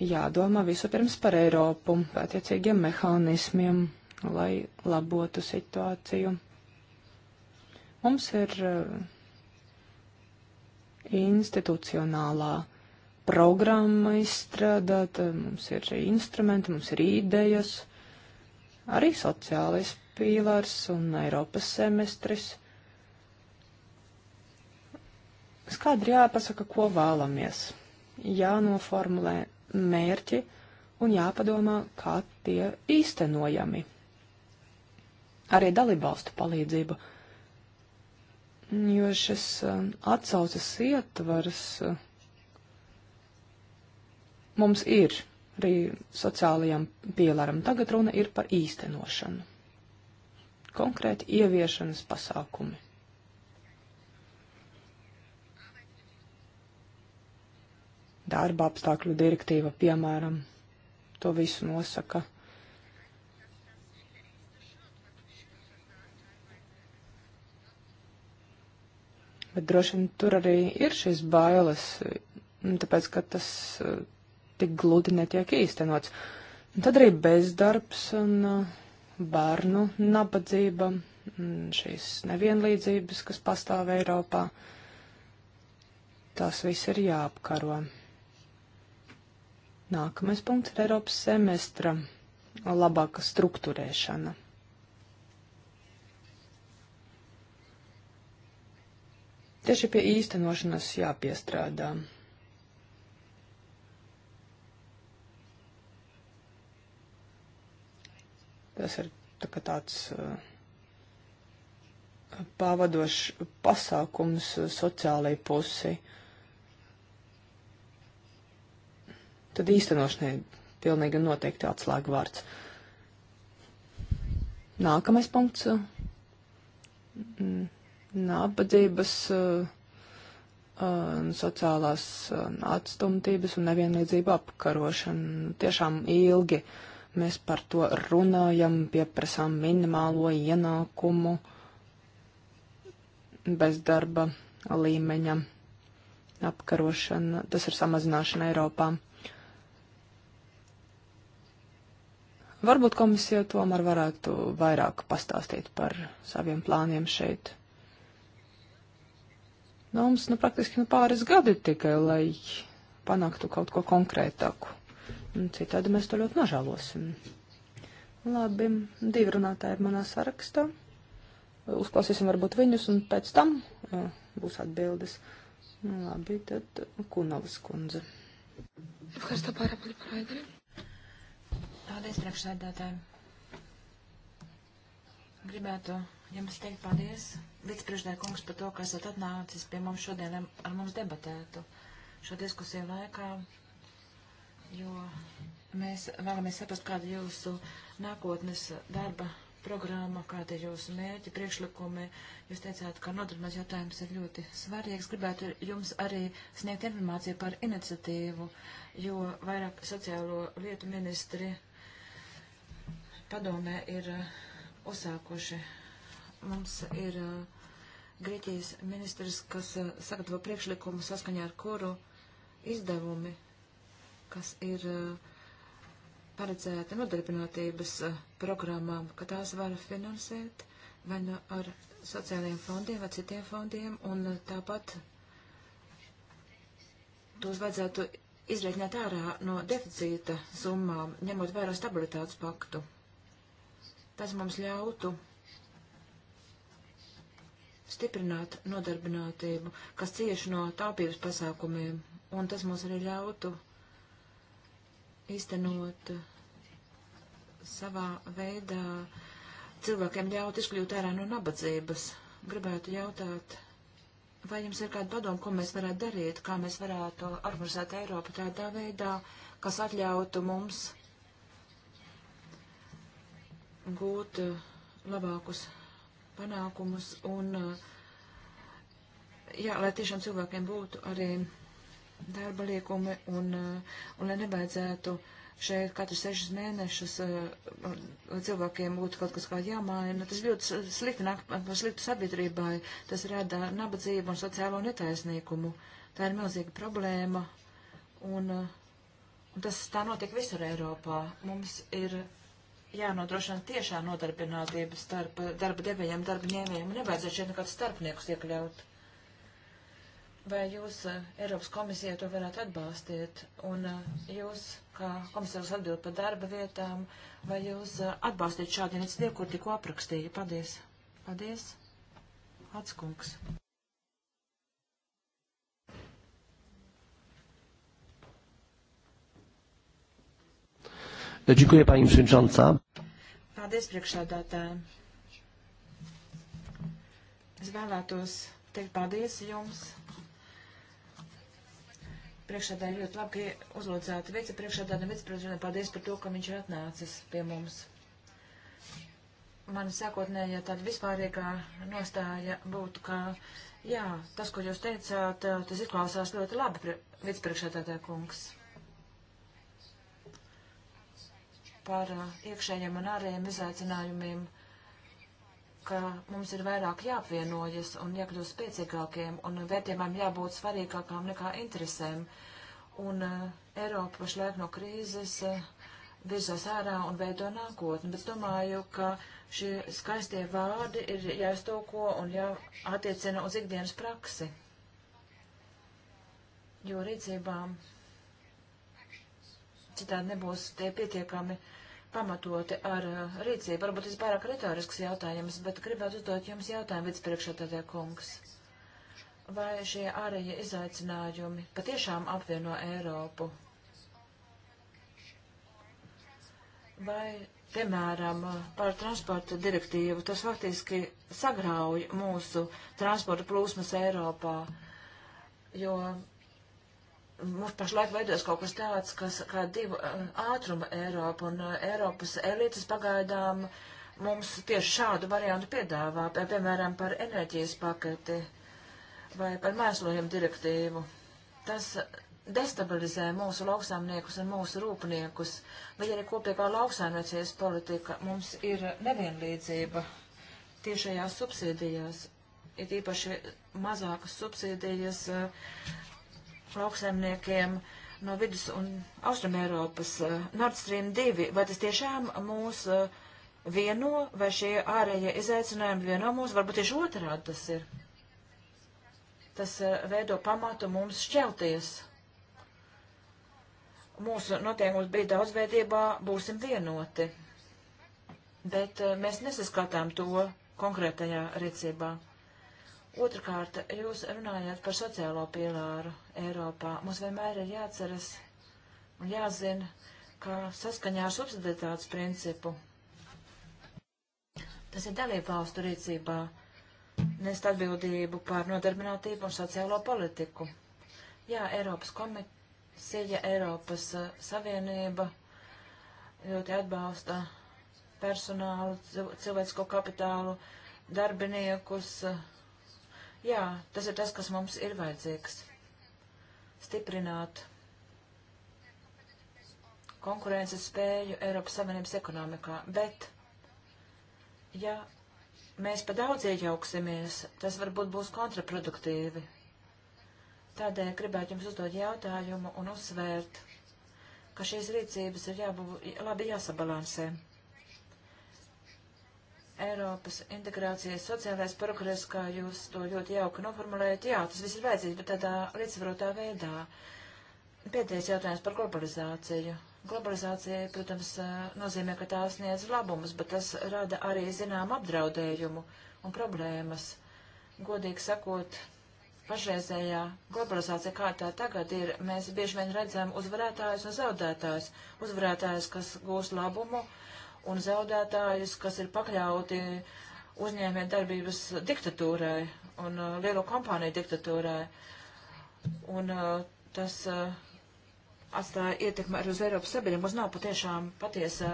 jādomā vispirms par Eiropu, par attiecīgiem mehānismiem, lai labotu situāciju. Mums ir uh, institucionālā programma izstrādāta, mums ir instrumenti, mums ir idejas, arī sociālais pīlārs un Eiropas semestris. Skaidri jāpasaka, ko vēlamies, jānoformulē mērķi un jāpadomā, kā tie īstenojami. Arī dalībvalstu palīdzību jo šis uh, atsaucas ietvars uh, mums ir arī sociālajam pielaram. Tagad runa ir par īstenošanu. Konkrēti ieviešanas pasākumi. Darba apstākļu direktīva, piemēram, to visu nosaka. Bet droši vien tur arī ir šīs bailes, nu, tāpēc, ka tas tik gludi netiek īstenots. Un tad arī bezdarbs un uh, bērnu nabadzība, šīs nevienlīdzības, kas pastāv Eiropā, tas viss ir jāapkaro. Nākamais punkts ir Eiropas semestra labāka struktūrēšana. Tieši pie īstenošanas jāpiestrādā. Tas ir tā tāds uh, pavadošs pasākums uh, sociālajai pusi. Tad īstenošanai pilnīgi noteikti atslēga vārds. Nākamais punkts uh, - nabadzības, sociālās atstumtības un nevienlīdzība apkarošana. Tiešām ilgi uh, Mēs par to runājam, pieprasām minimālo ienākumu bezdarba līmeņa apkarošana, tas ir samazināšana Eiropā. Varbūt komisija tomēr varētu vairāk pastāstīt par saviem plāniem šeit. Nu, mums nu, praktiski nu, pāris gadi tikai, lai panāktu kaut ko konkrētāku. Citādi mēs to ļoti nožēlosim. Labi, divi runātāji ir manā sarakstā. Uzklausīsim varbūt viņus, un pēc tam būs atbildes. Labi, tad Kunavas kundze. Ευχαριστώ πάρα πολύ, Πρόεδρε. Paldies, priekšsēdētāji. Gribētu jums teikt paldies, vicepriekšsēdētāji kungs, par to, ka esat atnācis pie mums šodien, lai ar mums debatētu. Šo diskusiju laikā jo mēs vēlamies saprast, kāda jūsu nākotnes darba programma, kāda ir jūsu mērķi, priekšlikumi. Jūs teicāt, ka nodarbinās jautājums ir ļoti svarīgs. Gribētu jums arī sniegt informāciju par iniciatīvu, jo vairāk sociālo lietu ministri padomē ir uh, uzsākuši. Mums ir uh, Grieķijas ministrs, kas uh, sagatavo priekšlikumu saskaņā ar kuru izdevumi kas ir eh, paredzēta nodarbinātības eh, programmām, ka tās var finansēt vai nu ar sociālajiem fondiem vai citiem fondiem, un eh, tāpat tos vajadzētu izreikņot ārā no deficīta summām, ņemot vērā stabilitātes paktu. Tas mums ļautu stiprināt nodarbinātību, kas cieši no tāpības pasākumiem, un tas mums arī ļautu īstenot savā veidā cilvēkiem ļaut izkļūt ārā no nabadzības. Gribētu jautāt, vai jums ir kāda padoma, ko mēs varētu darīt, kā mēs varētu organizēt Eiropu tādā veidā, kas atļautu mums gūt uh, labākus panākumus un, uh, jā, lai tiešām cilvēkiem būtu arī darba liekumi un, eh, un lai nebaidzētu šeit katru sešus mēnešus eh, cilvēkiem būtu kaut kas kā jāmaina. Tas ļoti slikti nāk par sliktu sabiedrībai. Tas rada nabadzību un sociālo netaisnīgumu. Tā ir milzīga problēma. Un, eh, un tas tā notiek visur Eiropā. Mums ir jānodrošina tiešā nodarbinātība starp darba devējiem, darba ņēmējiem. Nevajadzētu šeit nekādus starpniekus iekļaut. Vai jūs eh, Eiropas komisijā to varētu atbalstīt? Un eh, jūs, kā komisārs atbild par darba vietām, vai jūs eh, atbalstīt šādu iniciatīvu, kur tikko aprakstīju? Paldies! Paldies! Atskungs! Dziękuję Pani Przewodnicząca. Paldies, priekšsādātāji. Es vēlētos teikt paldies jums priekšādājiem ļoti labi, ka uzlūdzēti vicepriekšādājiem, vicepriekšādājiem paldies par to, ka viņš ir atnācis pie mums. Man sākotnējā tāda vispārīgā nostāja būtu, ka, jā, tas, ko jūs teicāt, tas izklausās ļoti labi, vicepriekšādātāja kungs. Par uh, iekšējiem un ārējiem izaicinājumiem ka mums ir vairāk jāapvienojas un jākļūst spēcīgākiem un vērtībām jābūt svarīgākām nekā interesēm. Un uh, Eiropa pašlaik no krīzes uh, virzās ārā un veido nākotni, bet domāju, ka šie skaistie vārdi ir jāiztoko un jāattiecina uz ikdienas praksi. Jo rīcībām citādi nebūs tie pietiekami uh, pamatoti ar uh, rīcību. Varbūt tas pārāk retorisks jautājums, bet gribētu uzdot jums jautājumu vicepriekšētādē kungs. Vai šie ārējie izaicinājumi patiešām apvieno Eiropu? Vai, piemēram, par transporta direktīvu, tas faktiski sagrauj mūsu transporta plūsmas Eiropā, jo mums pašlaik veidos kaut kas tāds, kas kā divu eh, ātruma Eiropa un eh, Eiropas elites pagaidām mums tieši šādu variantu piedāvā, piemēram, par enerģijas paketi vai par mēslojumu direktīvu. Tas destabilizē mūsu lauksaimniekus un mūsu rūpniekus, vai arī kopīgā lauksaimniecības politika. Mums ir nevienlīdzība tiešajās subsīdijās, ir īpaši mazākas subsīdijas uh, lauksaimniekiem no vidus un austrum Eiropas eh, Nord Stream 2, vai tas tiešām mūs eh, vieno, vai šie ārējie izaicinājumi vieno mūs, varbūt tieši otrādi tas ir. Tas eh, veido pamatu mums šķelties mūsu noteikums bija daudzveidībā, būsim vienoti. Bet mēs nesaskatām to konkrētajā rīcībā. Otrakārt, jūs runājāt par sociālo pīlāru Eiropā. Mums vienmēr ir jāatceras un jāzina, ka saskaņā ar subsidētāts principu. Tas ir dalība valstu rīcībā nest atbildību par nodarbinātību un sociālo politiku. Jā, Eiropas komisija, Eiropas uh, Savienība ļoti atbalsta personālu, cilvēcisko kapitālu, darbiniekus, uh, Jā, tas ir tas, kas mums ir vajadzīgs. Stiprināt konkurences spēju Eiropas Savienības ekonomikā, bet, ja mēs pa daudz iejauksimies, tas varbūt būs kontraproduktīvi. Tādēļ gribētu jums uzdot jautājumu un uzsvērt, ka šīs rīcības ir jābūt labi jāsabalansē. Eiropas integrācijas sociālais progress, kā jūs to ļoti jauki noformulējat, jā, tas viss ir vajadzīgs, bet tādā līdzsvarotā veidā. Pēdējais jautājums par globalizāciju. Globalizācija, protams, eh, nozīmē, ka tā sniedz labumus, bet tas rada arī zinām apdraudējumu un problēmas. Godīgi sakot, pašreizējā globalizācija, kā tā tagad ir, mēs bieži vien redzam uzvarētājus un zaudētājus. Uzvarētājus, kas gūs labumu, uh, un zaudētājus, kas ir pakļauti uzņēmē darbības diktatūrai un uh, lielo kompāniju diktatūrai. Un uh, tas uh, atstāja ietekmi arī uz Eiropas sabiedrību. Mums nav patiešām patiesa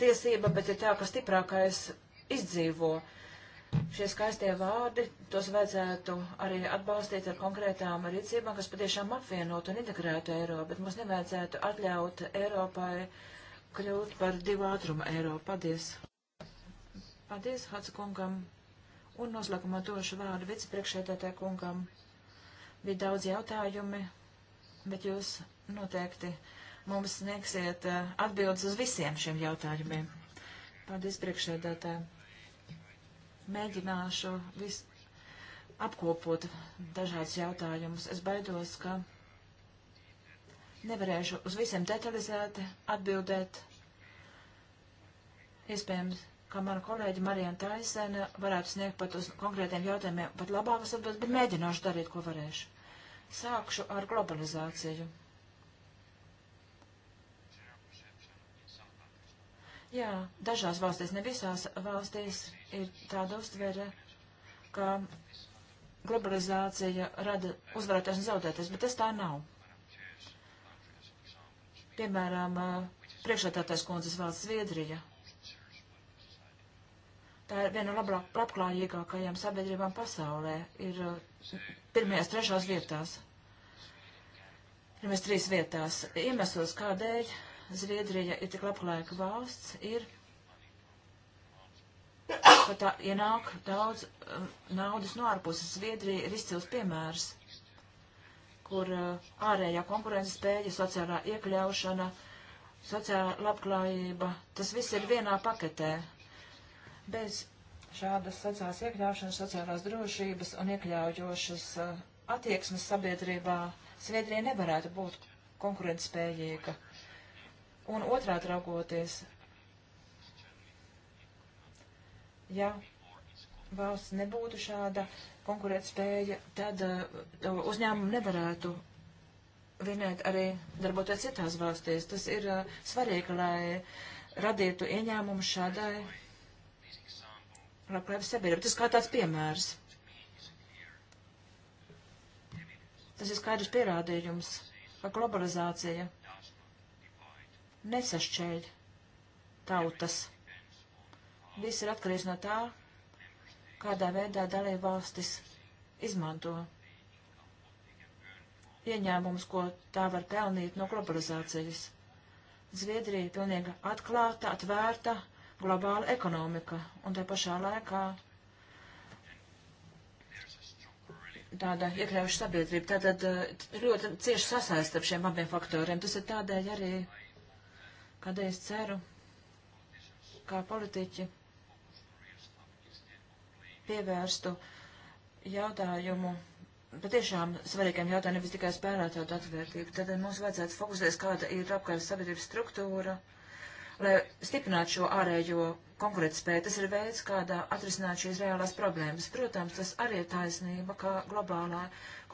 tiesība, bet ir tā, ka stiprākais izdzīvo. Šie skaistie vārdi, tos vajadzētu arī atbalstīt ar konkrētām rīcībām, kas patiešām apvienotu un integrētu Eiropu, bet mums nevajadzētu atļaut Eiropai uh, kļūt par divu ātrumu eiro. Paldies! Paldies Hats kungam! Un noslēgumā došu vārdu vicepriekšētētē kungam. Bija daudz jautājumi, bet jūs noteikti mums sniegsiet eh, atbildes uz visiem šiem jautājumiem. Paldies priekšēdētē. Mēģināšu vis apkopot dažādas jautājumus. Es baidos, ka Nevarēšu uz visiem detalizēti atbildēt. Iespējams, kā mana kolēģa Marijana Taisena varētu sniegt pat uz konkrētiem jautājumiem, pat labākas atbildes, bet mēģināšu darīt, ko varēšu. Sākšu ar globalizāciju. Jā, dažās valstīs, ne visās valstīs ir tāda uztvere, ka globalizācija rada uzvarētājs un zaudētājs, bet tas tā nav. Piemēram, priekšētātais kundzes valsts Zviedrija. Tā ir viena no labāk, labklājīgākajām sabiedrībām pasaulē. Ir pirmajās trešās vietās. Pirmajās trīs vietās. Iemesls, kādēļ Zviedrija ir tik labklājīga valsts, ir, ka tā ienāk daudz um, naudas no ārpuses. Zviedrija ir izcils piemērs kur uh, ārējā konkurences spēja, sociālā iekļaušana, sociālā labklājība, tas viss ir vienā paketē. Bez šādas sociālās iekļaušanas, sociālās drošības un iekļaujošas uh, attieksmes sabiedrībā Sviedrija nevarētu būt konkurences spējīga. Un otrādi raugoties, ja valsts nebūtu šāda konkurētspēja, tad uh, uzņēmumi nevarētu vienēt arī darboties citās valstīs. Tas ir uh, svarīgi, lai radītu ieņēmumu šādai labklājības sabiedrībai. Tas kā tāds piemērs. Tas ir skaidrs pierādījums, ka globalizācija nesašķēļ tautas. Viss ir atkarīgs no tā, kādā veidā dalība valstis izmanto ieņēmumus, ko tā var pelnīt no globalizācijas. Zviedrija ir pilnīgi atklāta, atvērta globāla ekonomika, un te pašā laikā tāda iekļaujuša sabiedrība. Tātad eh, ļoti cieši sasaist ar šiem abiem faktoriem. Tas ir tādēļ arī, kādēļ es ceru, kā politiķi pievērstu jautājumu, bet tiešām svarīgiem jautājumiem, nevis tikai spēlētāju atvērtību. Tad mums vajadzētu fokusēties, kāda ir apkārt sabiedrības struktūra, lai stiprinātu šo ārējo konkurētspēju. Tas ir veids, kādā atrisināt šīs reālās problēmas. Protams, tas arī ir taisnība, ka globālā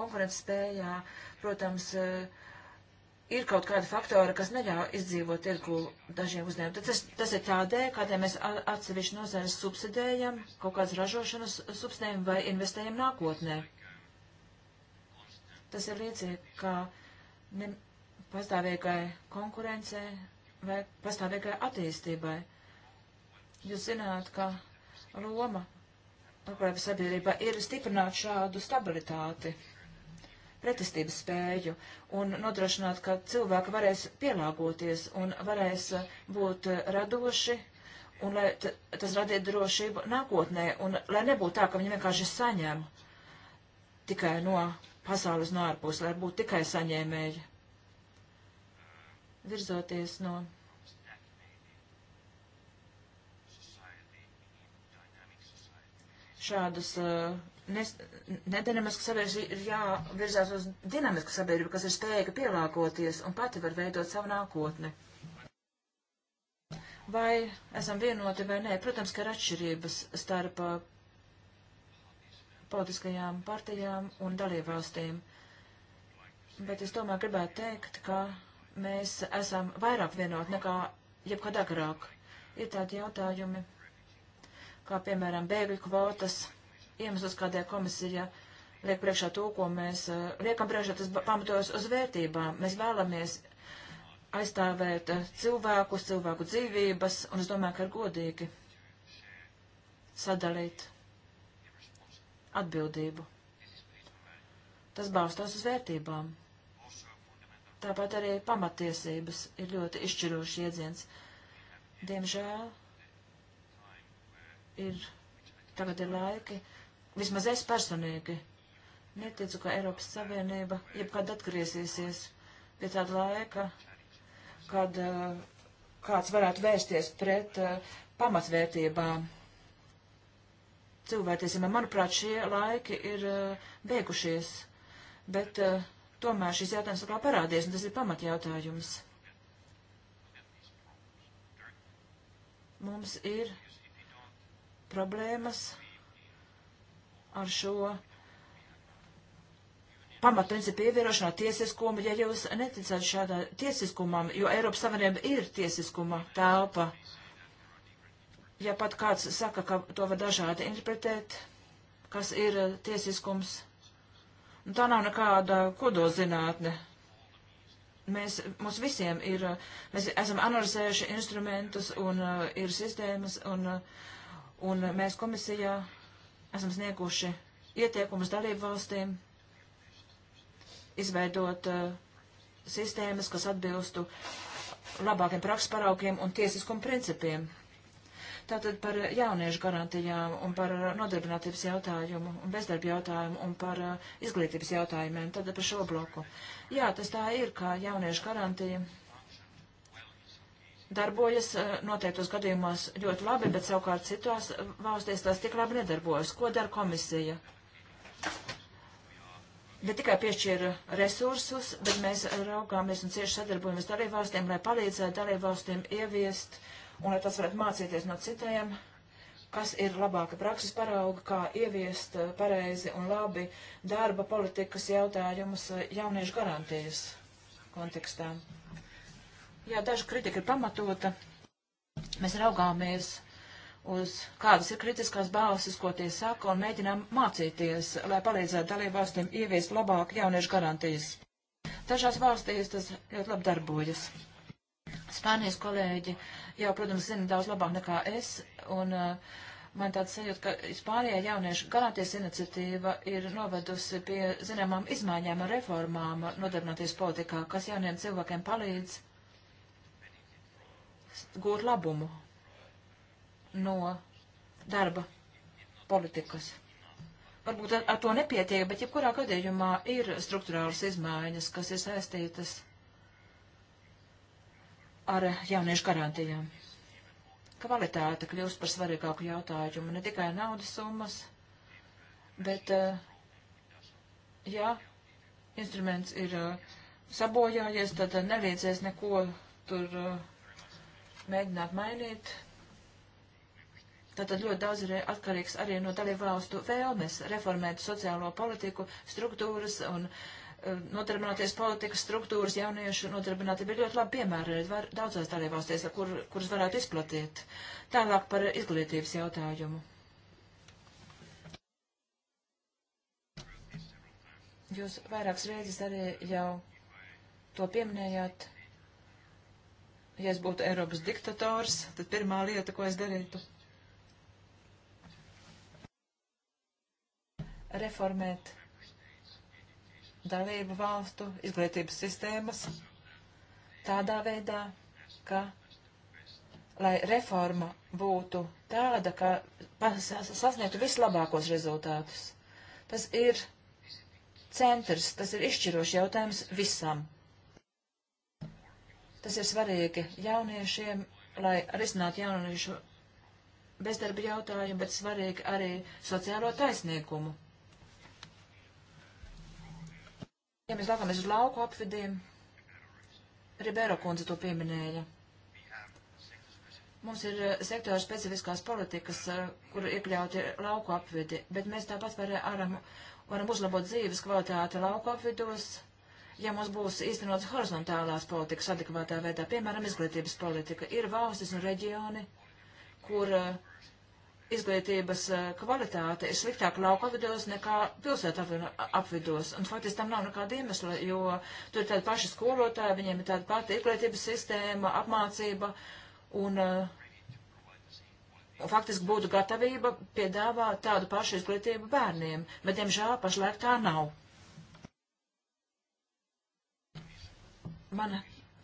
konkurētspējā, protams, uh, ir kaut kāda faktora, kas neļauj izdzīvot tirgu dažiem uzņēmumiem. Tas, tas ir tādēļ, kādēļ mēs atsevišķi nozares subsidējam, kaut kādas ražošanas subsidējam vai investējam nākotnē. Tas ir līdzīgi, kā ne, pastāvīgai konkurencei vai pastāvīgai attīstībai. Jūs zināt, ka Roma, turklāt sabiedrībā, ir stiprināt šādu stabilitāti pretestības spēju un nodrošināt, ka cilvēki varēs pielāgoties un varēs eh, būt eh, radoši un lai tas radītu drošību nākotnē un lai nebūtu tā, ka viņi vienkārši saņem tikai no pasaules no ārpus, lai būtu tikai saņēmēji. Virzoties no. šādas uh, eh, nedinamiskas sabiedrības ir jāvirzās uz dinamisku sabiedrību, kas ir spējīga pielāgoties un pati var veidot savu nākotni. Vai esam vienoti vai nē? Protams, ka ir atšķirības starp uh, politiskajām partijām un dalībvalstīm. Bet es tomēr gribētu teikt, ka mēs esam vairāk vienoti nekā jebkad agrāk. Ir tādi jautājumi, kā piemēram bēgļu kvotas iemesls, kādēļ komisija liek priekšā to, ko mēs eh, liekam priekšā, tas pamatojas uz vērtībām. Mēs vēlamies aizstāvēt eh, cilvēkus, cilvēku dzīvības, un es domāju, ka ir godīgi sadalīt atbildību. Tas balstās uz vērtībām. Tāpat arī pamatiesības ir ļoti izšķirošs iedziens. Diemžēl ir, tagad ir laiki, Vismaz es personīgi neticu, ka Eiropas Savienība jebkad atgriezīsies pie tāda laika, kad uh, kāds varētu vērsties pret uh, pamatvērtībām. Cilvēktiesībām, manuprāt, šie laiki ir uh, beigušies, bet tomēr šis jautājums atkal parādies, un tas ir pamatjautājums. Mums ir problēmas ar šo pamatprincipu ievierošanā tiesiskumu, ja jūs neticat šādā tiesiskumam, jo Eiropas Savienība ir tiesiskuma telpa. Ja pat kāds saka, ka to var dažādi interpretēt, kas ir eh, tiesiskums, nu, tā nav nekāda kodolzinātne. Mēs, mums visiem ir, eh, mēs esam analizējuši instrumentus un uh, ir sistēmas, un, un mēs komisijā esam snieguši ieteikumus dalību valstīm izveidot uh, sistēmas, kas atbilstu labākiem prakses paraukiem un tiesiskuma principiem. Tātad par jauniešu garantijām un par nodarbinātības jautājumu un bezdarba jautājumu un par uh, izglītības jautājumiem. Tātad par šo bloku. Jā, tas tā ir, kā jauniešu garantija. Uh, darbojas eh, noteiktos gadījumos ļoti labi, bet savukārt citās eh, valstīs tās tik labi nedarbojas. Ko dara komisija? Ne tikai piešķīra resursus, bet mēs raugāmies un cieši sadarbojamies dalībvalstīm, lai palīdzētu dalībvalstīm ieviest un lai tas varētu mācīties no citiem, kas ir labāka prakses parauga, kā ieviest eh, pareizi un labi darba politikas jautājumus jauniešu garantijas kontekstā. Jā, daži kritika ir pamatota. Mēs raugāmies uz kādas ir kritiskās bāzes, ko tie saka, un mēģinām mācīties, lai palīdzētu dalībvalstīm ieviest labāk jauniešu garantijas. Dažās valstīs tas ļoti labi darbojas. Spānijas kolēģi jau, protams, zina daudz labāk nekā es, un uh, man tāds sajūta, ka Spānijā jauniešu garantijas iniciatīva ir novedusi pie zināmām izmaiņām un reformām nodarbināties politikā, kas jauniem cilvēkiem palīdz gūt labumu no darba politikas. Varbūt ar, ar to nepietiek, bet jebkurā gadījumā ir struktūrāls izmaiņas, kas ir saistītas ar jauniešu garantijām. Kvalitāte kļūst par svarīgāku jautājumu, ne tikai naudas summas, bet, eh, ja instruments ir eh, sabojājies, tad nelīdzēs neko tur uh, mēģināt mainīt. Tātad ļoti daudz ir atkarīgs arī no dalībvalstu vēlmes reformēt sociālo politiku struktūras un uh, nodarbināties politikas struktūras jauniešu nodarbinātība ir ļoti labi piemēri var, daudzās dalībvalstīs, kur, kuras varētu izplatīt. Tālāk par izglītības jautājumu. Jūs vairākas reizes arī jau to pieminējāt ja es būtu Eiropas diktators, tad pirmā lieta, ko es darītu, reformēt dalību valstu izglītības sistēmas tādā veidā, ka, lai reforma būtu tāda, ka sasniegtu vislabākos rezultātus. Tas ir centrs, tas ir izšķirošs jautājums visam Tas ir svarīgi jauniešiem, lai risinātu jauniešu bezdarba jautājumu, bet svarīgi arī sociālo taisnīgumu. Ja mēs laukāmies uz lauku apvidiem, Ribero kundze to pieminēja. Mums ir eh, sektora specifiskās politikas, eh, kur iekļauti lauku apvidi, bet mēs tāpat varam, varam uzlabot dzīves kvalitāti lauku apvidos, ja mums būs īstenots horizontālās politikas adekvātā veidā, piemēram, izglītības politika. Ir valstis un reģioni, kur uh, izglītības uh, kvalitāte ir sliktāk lauka apvidos nekā pilsētu apvidos. Un faktiski tam nav nekāda iemesla, jo tur ir tādi paši skolotāji, viņiem ir tāda pati izglītības sistēma, apmācība un uh, faktiski būtu gatavība piedāvāt tādu pašu izglītību bērniem, bet, diemžēl, pašlaik tā nav. man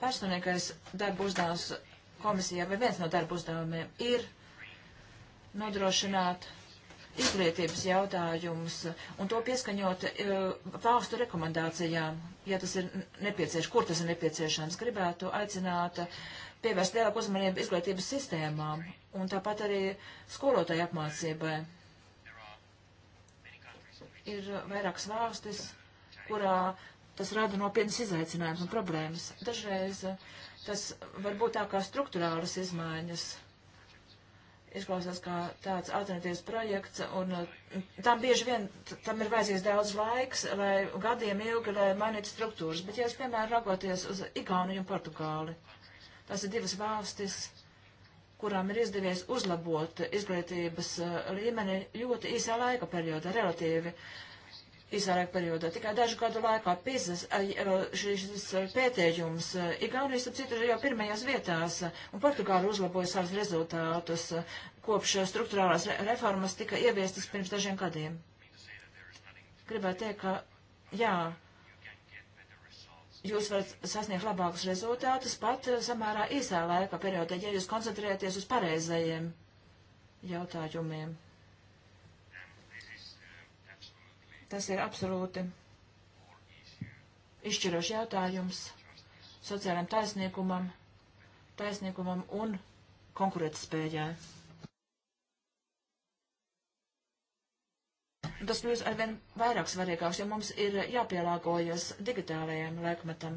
personīgais darba uzdevums komisijā vai viens no darba uzdevumiem ir nodrošināt izglītības jautājumus un to pieskaņot eh, valstu rekomendācijām, ja tas ir nepieciešams, kur tas ir nepieciešams. Gribētu aicināt eh, pievērst lielāku uzmanību izglītības sistēmām un tāpat arī skolotāju apmācībai. Ir vairākas valstis, kurā Tas rada nopietnas izaicinājumus un problēmas. Dažreiz eh, tas var būt tā kā struktūrālas izmaiņas. Izklausās kā tāds alternatīvs projekts, un eh, tam bieži vien tam ir vajadzīgs daudz laiks, lai gadiem ilgi, lai mainītu struktūras. Bet, ja es, piemēram, ragoties uz Igauniju un Portugāli, tās ir divas valstis, kurām ir izdevies uzlabot izglītības uh, līmeni ļoti īsā laika periodā relatīvi. Uh, izārēk periodā. Tikai dažu gadu laikā pizas, šis pētējums Igaunijas, ap citu, jau pirmajās vietās, un Portugāla uzlaboja savus rezultātus, kopš struktūrālās reformas tika ieviestas pirms dažiem gadiem. Gribētu teikt, ka jā, jūs varat sasniegt labākus rezultātus pat samērā īsā laika periodā, ja jūs koncentrēties uz pareizajiem jautājumiem. Tas ir absolūti izšķirošs jautājums sociālajam taisnīgumam, taisnīgumam un konkurētspējai. Tas kļūst arvien vairāk svarīgāks, jo mums ir jāpielāgojas digitālajiem laikmetam.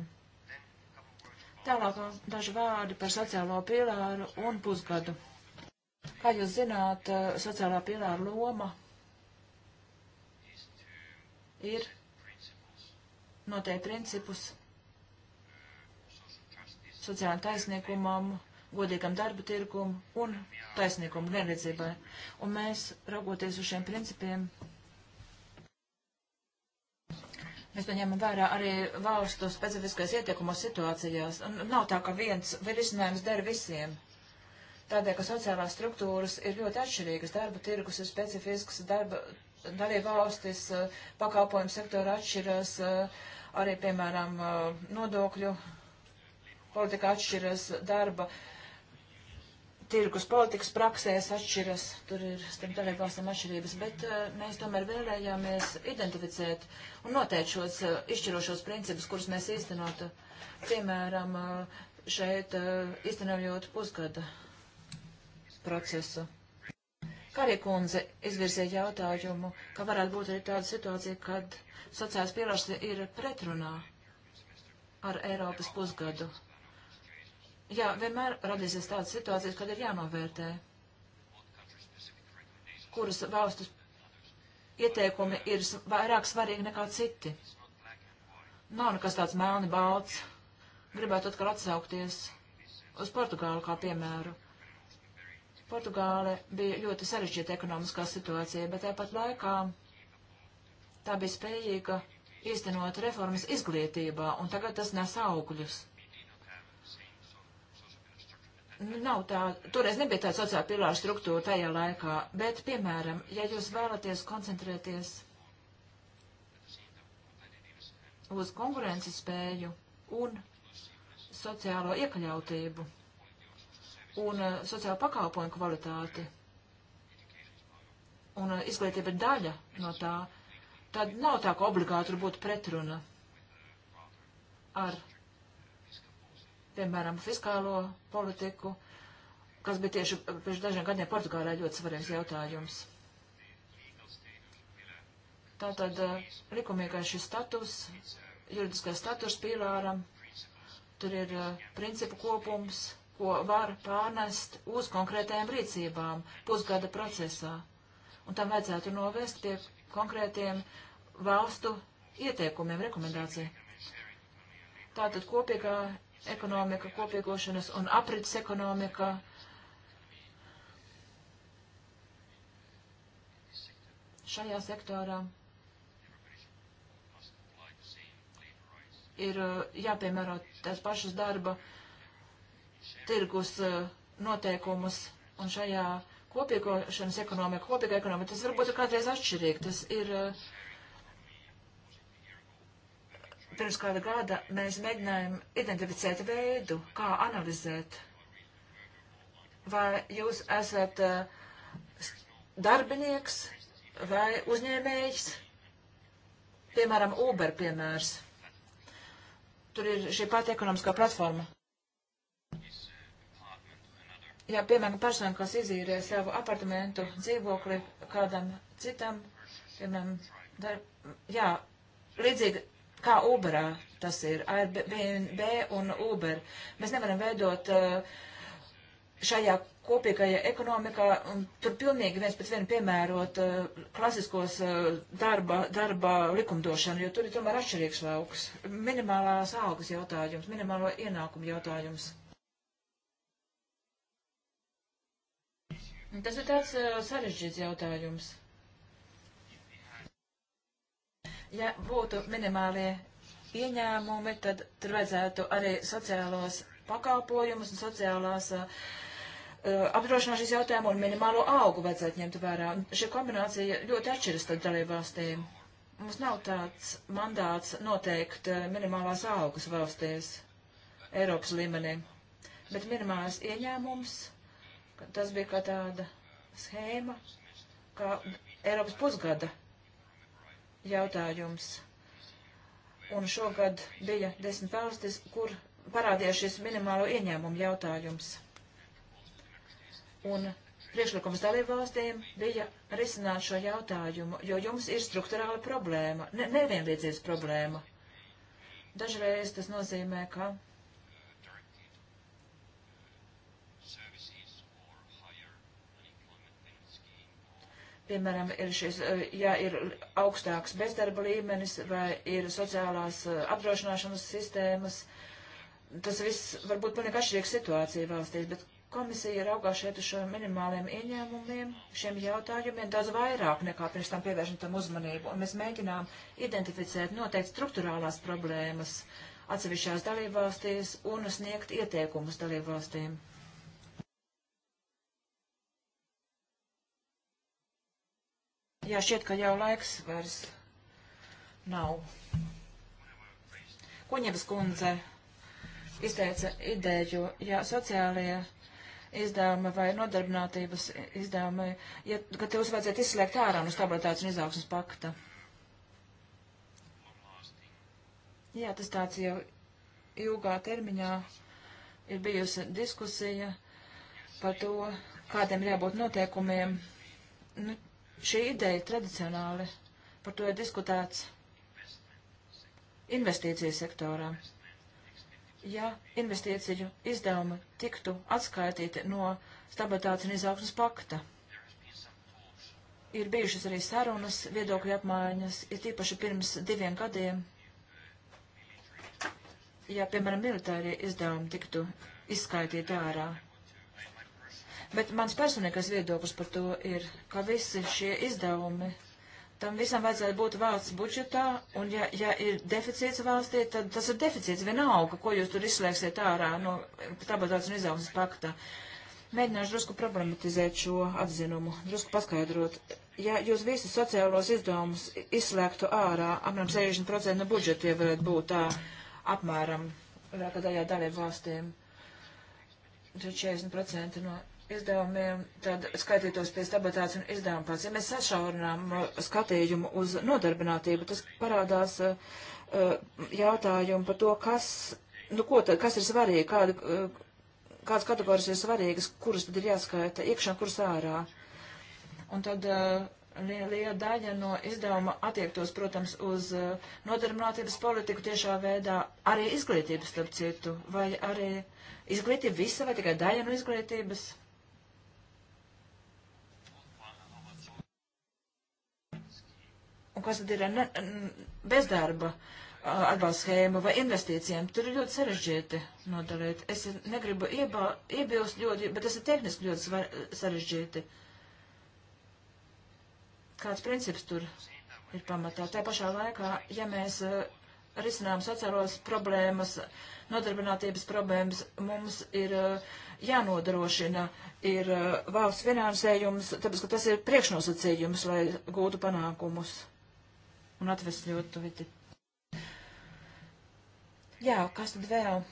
Tālāk daži vārdi par sociālo pīlāru un pusgadu. Kā jūs zināt, sociālā pīlāra loma ir noteikti principus sociālajam taisnīgumam, godīgam darba tirgum un taisnīgumu vienredzībai. Un mēs, raugoties uz šiem principiem, mēs paņēmam vērā arī valstu specifiskais ietiekumos situācijās. Un nav tā, ka viens vai risinājums der visiem. Tādēļ, ka sociālās struktūras ir ļoti atšķirīgas, darba tirgus ir specifisks, darba dalība valstis eh, pakalpojumu sektora atšķiras, eh, arī, piemēram, eh, nodokļu politika atšķiras, darba tirgus politikas praksēs atšķiras, tur ir starp dalību valstīm atšķirības, bet mēs tomēr vēlējāmies identificēt un noteikt šos izšķirošos principus, kurus mēs īstenotu, piemēram, šeit īstenojot pusgada procesu. Karī kundze izvirzīja jautājumu, ka varētu būt arī tāda situācija, kad sociāls pilārs ir pretrunā ar Eiropas pusgadu. Jā, vienmēr radīsies tādas situācijas, kad ir jānovērtē, kuras valstu ieteikumi ir vairāk svarīgi nekā citi. Nav nekas tāds melni balts. Gribētu atkal atsaukties uz Portugālu kā piemēru. Portugāle bija ļoti sarežģīta ekonomiskā situācija, bet tāpat laikā tā bija spējīga īstenot reformas izglītībā, un tagad tas nes augļus. Nu, nav tā, toreiz nebija tāda sociāla pilāra struktūra tajā laikā, bet, piemēram, ja jūs vēlaties koncentrēties uz konkurences spēju un sociālo iekļautību, un uh, eh, sociāla pakalpojuma kvalitāti. Un uh, izglītība ir daļa no tā. Tad nav tā, ka obligāti tur būtu pretruna ar, piemēram, fiskālo politiku, kas bija tieši pirms dažiem gadiem Portugālē ļoti svarīgs jautājums. Tātad eh, likumīgais šis status, juridiskais status pīlāram, tur ir uh, principu kopums, ko var pārnest uz konkrētajām rīcībām pusgada procesā. Un tam vajadzētu novest pie konkrētiem valstu ieteikumiem, rekomendāciju. Tātad kopīgā ekonomika, kopīgošanas un aprits ekonomika. Šajā sektorā ir uh, jāpiemēro tās pašas darba uh, tirgus eh, noteikumus un šajā kopiekošanas ekonomika, kopīga ekonomika, tas varbūt ir kādreiz atšķirīgi. Tas ir eh, pirms kāda gada mēs mēģinājām identificēt veidu, kā analizēt, vai jūs esat eh, darbinieks vai uzņēmējs, piemēram, Uber piemērs. Tur ir šī pati ekonomiskā platforma ja, piemēram, persona, kas izīrē savu apartamentu dzīvokli kādam citam, piemēram, dar, jā, līdzīgi kā Uberā tas ir, Airbnb un Uber. Mēs nevaram veidot eh, šajā kopīgajā ekonomikā, un tur pilnīgi viens pēc viena piemērot eh, klasiskos eh, darba, darba likumdošanu, jo tur ir tomēr atšķirīgs lauks. Minimālās algas jautājums, minimālo ienākumu jautājums Tas ir tāds uh, sarežģīts jautājums. Ja būtu minimālie ieņēmumi, tad tur vajadzētu arī sociālos pakalpojumus un sociālās uh, uh apdrošināšanas jautājumu un minimālo augu vajadzētu ņemt vērā. Šī kombinācija ļoti atšķiras starp dalībvalstīm. Mums nav tāds mandāts noteikt uh, minimālās augas valstīs Eiropas līmenī, bet minimālais ieņēmums tas bija kā tāda schēma, kā Eiropas pusgada jautājums. Un šogad bija desmit valstis, kur parādījās šis minimālo ieņēmumu jautājums. Un priekšlikums dalībvalstīm bija risināt šo jautājumu, jo jums ir struktūrāla problēma, ne, nevienlīdzības problēma. Dažreiz tas nozīmē, ka Piemēram, ir šis, eh, ja ir augstāks bezdarba līmenis vai ir sociālās eh, apdrošināšanas sistēmas, tas viss var būt pilnīgi atšķirīga situācija valstīs, bet komisija ir augā šeit uz šiem minimāliem ieņēmumiem, šiem jautājumiem daudz vairāk nekā pirms tam pievēršam tam uzmanību. Un mēs mēģinām identificēt noteikti struktūrālās problēmas atsevišķās dalībvalstīs un sniegt ieteikumus dalībvalstīm. Jā, šķiet, ka jau laiks vairs nav. Kuņevas kundze izteica ideju, ja sociālajie izdevumi vai nodarbinātības izdevumi, ja, ka tos vajadzētu izslēgt ārā no stabilitātes un izaugsmas pakta. Jā, tas tāds jau ilgā termiņā ir bijusi diskusija par to, kādiem ir jābūt noteikumiem. Nu, Šī ideja tradicionāli par to ir diskutēts investīciju sektorā. Ja investīciju izdevumi tiktu atskaitīti no stabilitātes un izaugsmas pakta, ir bijušas arī sarunas, viedokļu apmaiņas, ir tīpaši pirms diviem gadiem, ja, piemēram, militārie izdevumi tiktu izskaitīti ārā. Bet mans personīgais viedoklis par to ir, ka visi šie izdevumi tam visam vajadzētu būt valsts budžetā, un ja, ja ir deficīts valstī, tad tas ir deficīts vienalga, ko jūs tur izslēgsiet ārā no tabatāts un izaugsmas paktā. Mēģināšu drusku problematizēt šo atzinumu, drusku paskaidrot. Ja jūs visus sociālos izdevumus izslēgtu ārā, apmēram 60% no budžeta tie varētu būt tā apmēram lielākā daļā dalību valstīm. 40% no izdevumiem, tad skaitītos pie stabilitātes un izdevuma pats. Ja mēs sašaurinām uh, skatījumu uz nodarbinātību, tas parādās uh, uh, jautājumu par to, kas, nu, ko tad, kas ir svarīgi, kāda, uh, kādas kategorijas ir svarīgas, kuras tad ir jāskaita iekšā, kuras ārā. Un tad uh, liela daļa no izdevuma attiektos, protams, uz uh, nodarbinātības politiku tiešā veidā, arī izglītības, starp citu, vai arī izglītība visa vai tikai daļa no izglītības. un kas tad ir ne, bezdarba atbalsta schēma vai investīcijiem, tur ir ļoti sarežģīti nodalīt. Es negribu iebā, iebilst ļoti, bet tas ir tehniski ļoti svar, sarežģīti. Kāds princips tur ir pamatā? Tā pašā laikā, ja mēs uh, risinām sociālos problēmas, nodarbinātības problēmas, mums ir uh, jānodrošina ir uh, valsts finansējums, tāpēc, ka tas ir priekšnosacījums, lai gūtu panākumus un atvesļot to vidi. Jā, kas tad vēl?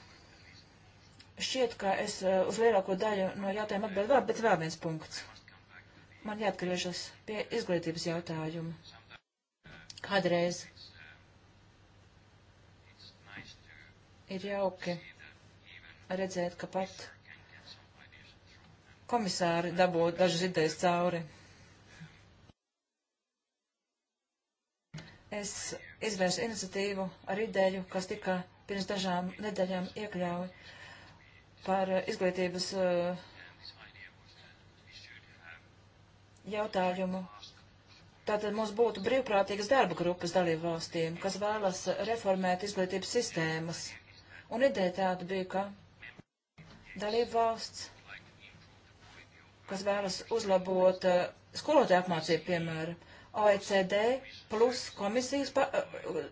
Šķiet, ka es eh, uz lielāko daļu no jautājumu atbildu vēl, bet vēl viens punkts. Man jāatgriežas pie izglītības jautājuma. Kādreiz ir jauki redzēt, ka pat komisāri dabū dažas idejas cauri. es izvērsu iniciatīvu ar ideju, kas tika pirms dažām nedēļām iekļauj par izglītības eh, jautājumu. Tātad mums būtu brīvprātīgas darba grupas dalību valstīm, kas vēlas reformēt izglītības sistēmas. Un ideja tāda bija, ka dalību valsts, kas vēlas uzlabot eh, skolotāju apmācību, piemēram, OECD plus komisijas pa,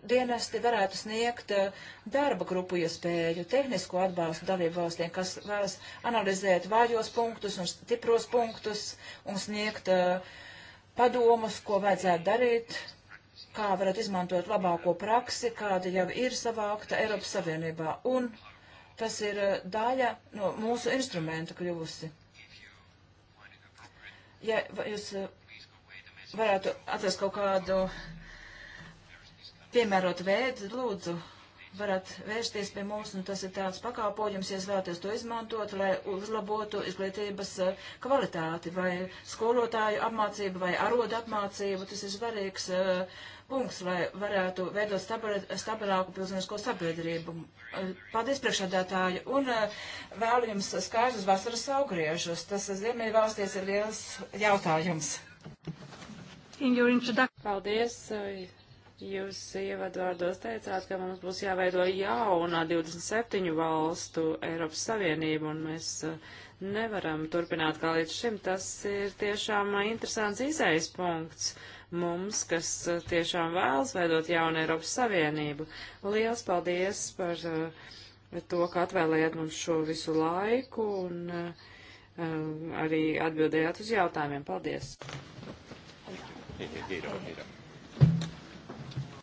dienesti varētu sniegt uh, darba grupu iespēju, tehnisko atbalstu dalību valstīm, kas vēlas analizēt vājos punktus un stipros punktus un sniegt uh, padomus, ko vajadzētu darīt, kā varat izmantot labāko praksi, kāda jau ir savākta Eiropas Savienībā. Un tas ir uh, daļa no mūsu instrumenta kļuvusi. Ja jūs varētu atrast kaut kādu piemērotu veidu, lūdzu, varat vērsties pie mums, un tas ir tāds pakāpojums, ja vēlaties to izmantot, lai uzlabotu izglītības eh, kvalitāti vai skolotāju apmācību vai arodu apmācību. Tas ir svarīgs uh, punkts, lai varētu veidot stabilāku pilsonisko sabiedrību. Eh, paldies priekšādātāju, un uh, vēlu jums skaidrs vasaras augriežus. Tas Ziemeļvalstīs ir liels jautājums. Paldies! Jūs ievadvārdos teicāt, ka mums būs jāveido jaunā 27 valstu Eiropas Savienība, un mēs eh, nevaram turpināt kā līdz šim. Tas ir tiešām interesants izējas punkts mums, kas eh, tiešām vēlas veidot jaunu Eiropas Savienību. Liels paldies par eh, to, ka atvēlējāt mums šo visu laiku un arī atbildējāt uz jautājumiem. Paldies! Era, era.